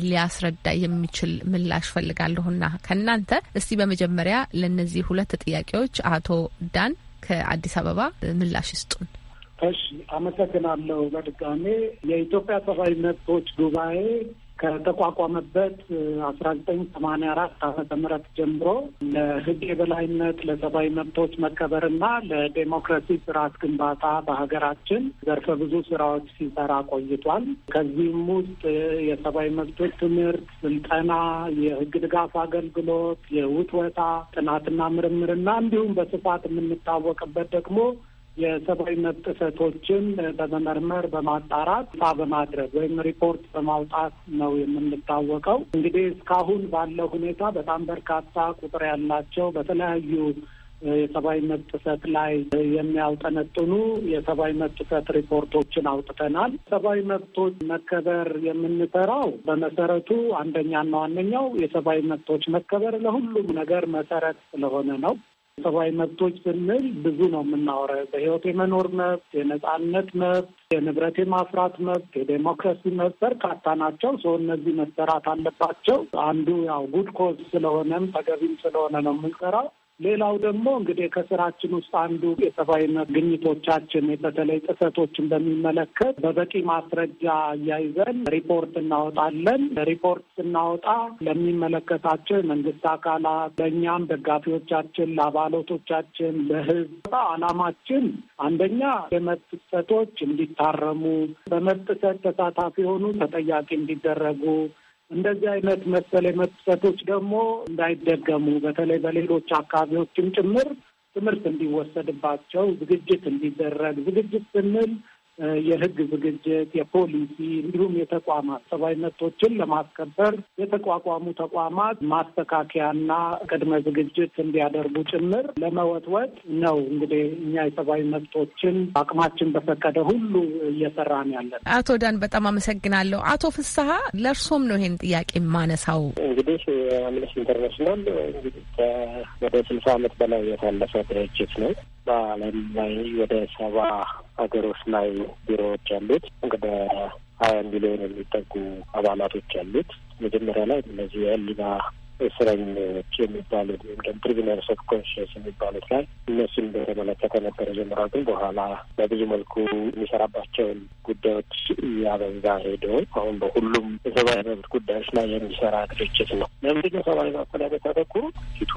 Speaker 18: ሊያስረዳ የሚችል ምላሽ ፈልጋለሁና ከእናንተ እስቲ በመጀመሪያ ለእነዚህ ሁለት ጥያቄዎች አቶ ዳን ከአዲስ አበባ ምላሽ ይስጡን።
Speaker 14: እሺ፣ አመሰግናለሁ። በድጋሜ የኢትዮጵያ ሰብአዊ መብቶች ጉባኤ ከተቋቋመበት አስራ ዘጠኝ ሰማኒያ አራት ዓመተ ምህረት ጀምሮ ለህግ የበላይነት ለሰብአዊ መብቶች መከበርና ለዴሞክራሲ ስርዓት ግንባታ በሀገራችን ዘርፈ ብዙ ስራዎች ሲሰራ ቆይቷል። ከዚህም ውስጥ የሰብአዊ መብቶች ትምህርት፣ ስልጠና፣ የህግ ድጋፍ አገልግሎት፣ የውትወታ ጥናትና ምርምርና እንዲሁም በስፋት የምንታወቅበት ደግሞ የሰብአዊ መብት ጥሰቶችን በመመርመር በማጣራት ፋ በማድረግ ወይም ሪፖርት በማውጣት ነው የምንታወቀው። እንግዲህ እስካሁን ባለው ሁኔታ በጣም በርካታ ቁጥር ያላቸው በተለያዩ የሰብአዊ መብት ጥሰት ላይ የሚያውጠነጥኑ የሰብአዊ መብት ጥሰት ሪፖርቶችን አውጥተናል። ሰብአዊ መብቶች መከበር የምንሰራው በመሰረቱ አንደኛና ዋነኛው የሰብአዊ መብቶች መከበር ለሁሉም ነገር መሰረት ስለሆነ ነው። ሰብአዊ መብቶች ስንል ብዙ ነው የምናወራው። በህይወት የመኖር መብት፣ የነጻነት መብት፣ የንብረት የማፍራት መብት፣ የዴሞክራሲ መብት በርካታ ናቸው። ሰው እነዚህ መሰራት አለባቸው። አንዱ ያው ጉድ ኮዝ ስለሆነም ተገቢም ስለሆነ ነው የምንሰራው። ሌላው ደግሞ እንግዲህ ከስራችን ውስጥ አንዱ የሰብአዊነት ግኝቶቻችን በተለይ ጥሰቶችን በሚመለከት በበቂ ማስረጃ አያይዘን ሪፖርት እናወጣለን። ሪፖርት ስናወጣ ለሚመለከታቸው የመንግስት አካላት፣ ለእኛም ደጋፊዎቻችን፣ ለአባሎቶቻችን፣ ለህዝብ አላማችን አንደኛ የመብት ጥሰቶች እንዲታረሙ፣ በመብት ጥሰት ተሳታፊ የሆኑ ተጠያቂ እንዲደረጉ እንደዚህ አይነት መሰል የመጥሰቶች ደግሞ እንዳይደገሙ በተለይ በሌሎች አካባቢዎችም ጭምር ትምህርት እንዲወሰድባቸው ዝግጅት እንዲደረግ ዝግጅት ስንል የህግ ዝግጅት፣ የፖሊሲ እንዲሁም የተቋማት ሰብአዊ መብቶችን ለማስከበር የተቋቋሙ ተቋማት ማስተካከያና ቅድመ ዝግጅት እንዲያደርጉ ጭምር ለመወትወት ነው። እንግዲህ እኛ የሰብአዊ መብቶችን አቅማችን በፈቀደ ሁሉ እየሰራን ያለን።
Speaker 18: አቶ ዳን በጣም አመሰግናለሁ። አቶ ፍስሀ ለእርሶም ነው ይሄን ጥያቄ የማነሳው።
Speaker 6: እንግዲህ አምነስቲ ኢንተርናሽናል ወደ ስልሳ አመት በላይ የታለፈ ድርጅት ነው። በዓለም ላይ ወደ ሰባ ሀገሮች ላይ ቢሮዎች ያሉት ወደ ሀያ ሚሊዮን የሚጠጉ አባላቶች ያሉት መጀመሪያ ላይ እነዚህ የህሊና እስረኞች የሚባሉት ወይም ደግሞ ፕሪዝነርስ ኦፍ ኮንሽንስ የሚባሉት ላይ እነሱን በተመለከተ ነበር የጀመረው። ግን በኋላ በብዙ መልኩ የሚሰራባቸውን ጉዳዮች እያበዛ ሄዶ አሁን በሁሉም የሰብአዊ መብት ጉዳዮች ላይ የሚሰራ ድርጅት ነው። ለምንድን ሰብአዊ መብት ላይ በተተኩሩ ፊቱ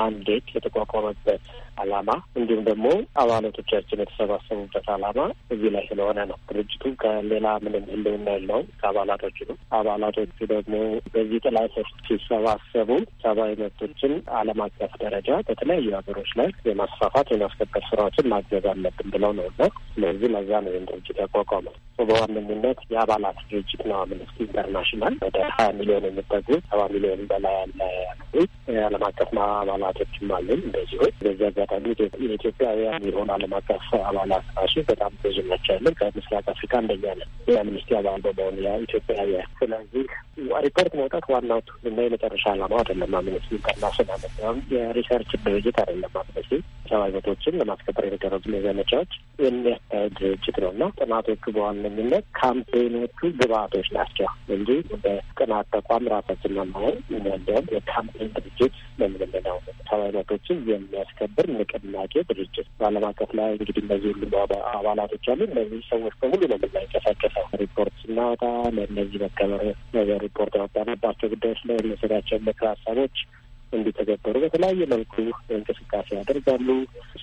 Speaker 6: ማንዴት የተቋቋመበት አላማ እንዲሁም ደግሞ አባላቶቻችን የተሰባሰቡበት አላማ እዚህ ላይ ስለሆነ ነው። ድርጅቱ ከሌላ ምንም ህልውና የለውም ከአባላቶቹ ነው። አባላቶቹ ደግሞ በዚህ ጥላ ስር ሲሰባሰቡ ሰብአዊ መብቶችን ዓለም አቀፍ ደረጃ በተለያዩ ሀገሮች ላይ የማስፋፋት የማስከበር ስራዎችን ማገዝ አለብን ብለው ነው እና ስለዚህ ለዛ ነው ይህን ድርጅት ያቋቋመው። በዋነኝነት የአባላት ድርጅት ነው አምነስቲ ኢንተርናሽናል። ወደ ሀያ ሚሊዮን የሚጠጉ ሰባ ሚሊዮን በላይ ያለ የዓለም አቀፍ አባላቶችም አሉን እንደዚሁ አጋጣሚ የኢትዮጵያውያን የሆኑ ዓለም አቀፍ አባላት ራሱ በጣም ብዙ ናቸዋለን። ከምስራቅ አፍሪካ አንደኛ ነን። የአምነስቲ አባል በመሆኑ ያ ኢትዮጵያውያን። ስለዚህ ሪፖርት መውጣት ዋናው እና የመጨረሻ ዓላማ አይደለም። አምነስቲ ኢንተርናሽናል የሪሰርች ድርጅት አይደለም። አምነስቲ ሰብአዊ መብቶችን ለማስከበር የተደረጉ ዘመቻዎች የሚያካሄድ ድርጅት ነው እና ጥናቶቹ በዋነኝነት ካምፔኖቹ ግብአቶች ናቸው እንጂ እንደ ጥናት ተቋም ራሳችን ለመሆን እንዲያውም የካምፔን ድርጅት መብቶችን የሚያስከብር ንቅናቄ ድርጅት በዓለም አቀፍ ላይ እንግዲህ እነዚህ ሁሉ አባላቶች አሉ። እነዚህ ሰዎች በሙሉ ነው የምናንቀሳቀሰው። ሪፖርት ስናወጣ ለእነዚህ መከበር ነገ ሪፖርት ያወጣንባቸው ጉዳዮች ላይ የሚወሰዳቸው ምክር ሀሳቦች እንዲተገበሩ በተለያየ መልኩ እንቅስቃሴ ያደርጋሉ።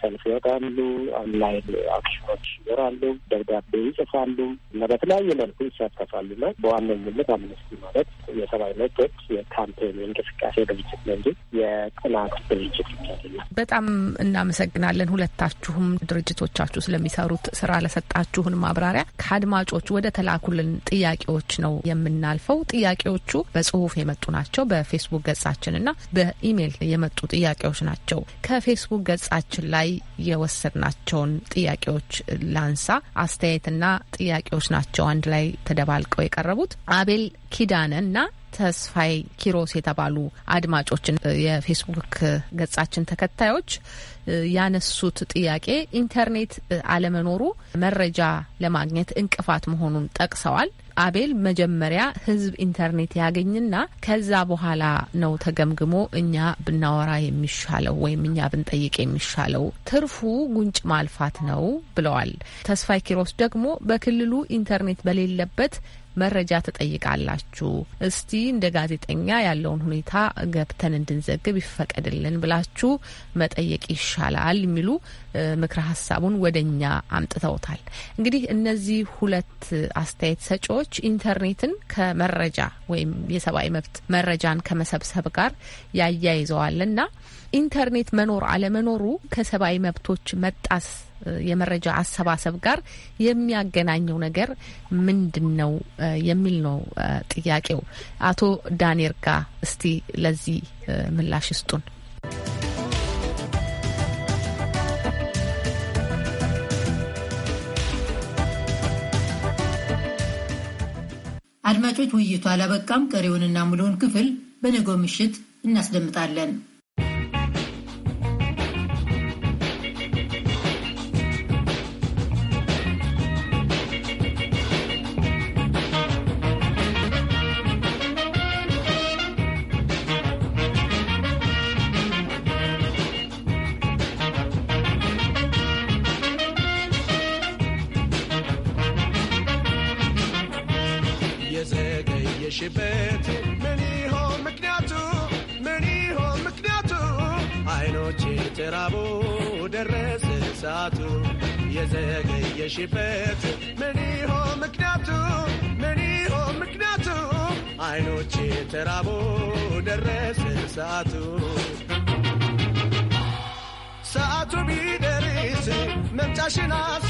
Speaker 6: ሰልፍ ይወጣሉ፣ ኦንላይን አክሽኖች ይኖራሉ፣ ደብዳቤ ይጽፋሉ እና በተለያየ መልኩ ይሳተፋሉ እና በዋነኝነት አምነስቲ ማለት የሰብአዊ መብቶች የካምፔን እንቅስቃሴ ድርጅት ነው እንጂ የጥናት ድርጅት ብቻ
Speaker 18: በጣም እናመሰግናለን ሁለታችሁም ድርጅቶቻችሁ ስለሚሰሩት ስራ ለሰጣችሁን ማብራሪያ። ከአድማጮች ወደ ተላኩልን ጥያቄዎች ነው የምናልፈው። ጥያቄዎቹ በጽሁፍ የመጡ ናቸው በፌስቡክ ገጻችን እና በኢሜይል የመጡ ጥያቄዎች ናቸው። ከፌስቡክ ገጻችን ላይ ላይ የወሰድናቸውን ጥያቄዎች ላንሳ። አስተያየትና ጥያቄዎች ናቸው አንድ ላይ ተደባልቀው የቀረቡት። አቤል ኪዳንና ተስፋይ ኪሮስ የተባሉ አድማጮችን የፌስቡክ ገጻችን ተከታዮች ያነሱት ጥያቄ ኢንተርኔት አለመኖሩ መረጃ ለማግኘት እንቅፋት መሆኑን ጠቅሰዋል። አቤል መጀመሪያ ህዝብ ኢንተርኔት ያገኝና ከዛ በኋላ ነው ተገምግሞ እኛ ብናወራ የሚሻለው ወይም እኛ ብንጠይቅ የሚሻለው ትርፉ ጉንጭ ማልፋት ነው ብለዋል። ተስፋይ ኪሮስ ደግሞ በክልሉ ኢንተርኔት በሌለበት መረጃ ትጠይቃላችሁ። እስቲ እንደ ጋዜጠኛ ያለውን ሁኔታ ገብተን እንድንዘግብ ይፈቀድልን ብላችሁ መጠየቅ ይሻላል የሚሉ ምክረ ሀሳቡን ወደ እኛ አምጥተውታል። እንግዲህ እነዚህ ሁለት አስተያየት ሰጪዎች ኢንተርኔትን ከመረጃ ወይም የሰብአዊ መብት መረጃን ከመሰብሰብ ጋር ያያይዘዋልና ኢንተርኔት መኖር አለመኖሩ ከሰብአዊ መብቶች መጣስ የመረጃ አሰባሰብ ጋር የሚያገናኘው ነገር ምንድን ነው የሚል ነው ጥያቄው። አቶ ዳንኤል ጋ እስቲ ለዚህ ምላሽ ይስጡን።
Speaker 1: አድማጮች፣ ውይይቱ አላበቃም። ቀሪውንና ሙሉውን ክፍል በነገው ምሽት እናስደምጣለን።
Speaker 16: apaixonados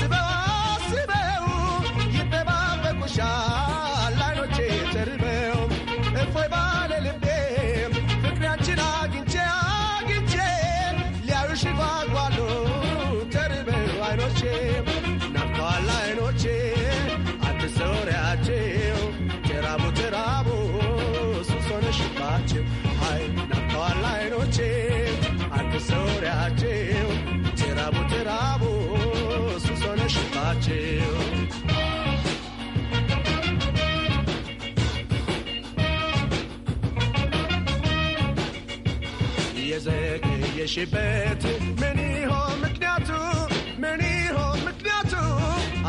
Speaker 16: የዘገየሽበት ምን ይሆን ምክንያቱ? ምን ይሆን ምክንያቱ?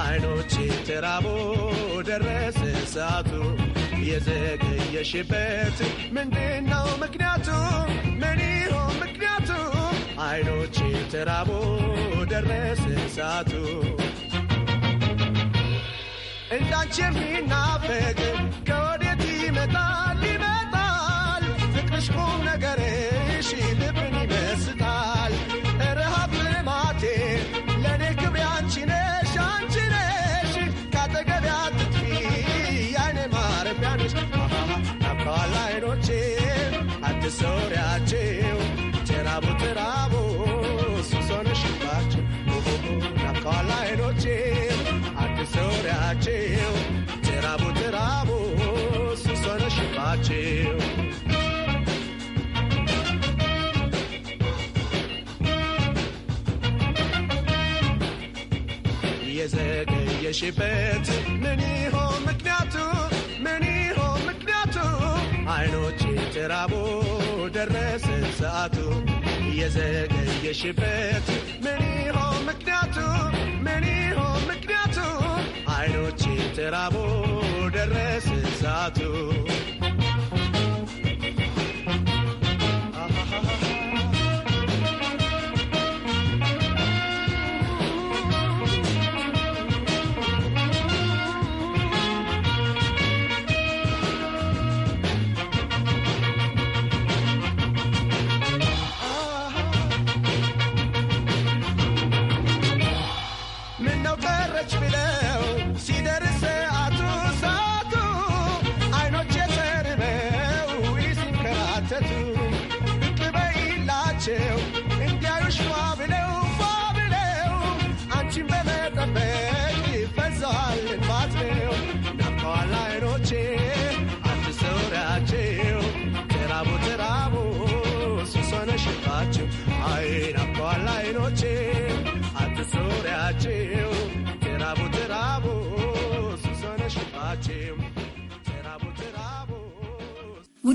Speaker 16: አይኖች ተራቦ ደረሰ ሰዓቱ። የዘገየሽበት ምንድን ነው ምክንያቱ? ምን ይሆን ምክንያቱ? አይኖች ተራቦ ደረሰ ሰዓቱ። እንዳንቺ የሚናፈቅ ከወዴት ይመጣ shit. የሽበት ምን ይሆን ምክንያቱ? ምን ይሆን ምክንያቱ? አይኖች የተራቡ ደረሰ ሰዓቱ የዘገየሽበት ምን ይሆን ምክንያቱ? ምን ይሆን ምክንያቱ? አይኖች የተራቡ ደረሰ ሰዓቱ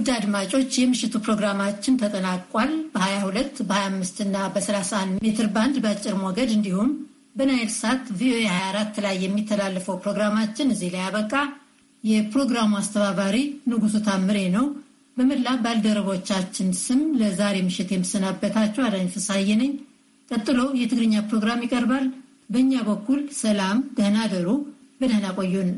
Speaker 1: ውድ አድማጮች የምሽቱ ፕሮግራማችን ተጠናቋል። በ22 በ25 እና በ31 ሜትር ባንድ በአጭር ሞገድ እንዲሁም በናይል ሳት ቪኦኤ 24 ላይ የሚተላለፈው ፕሮግራማችን እዚህ ላይ ያበቃ። የፕሮግራሙ አስተባባሪ ንጉሱ ታምሬ ነው። በመላ ባልደረቦቻችን ስም ለዛሬ ምሽት የምሰናበታችሁ አዳኝ ፍሳዬ ነኝ። ቀጥሎ የትግርኛ ፕሮግራም ይቀርባል። በእኛ በኩል ሰላም፣ ደህና ደሩ፣ በደህና ቆዩን።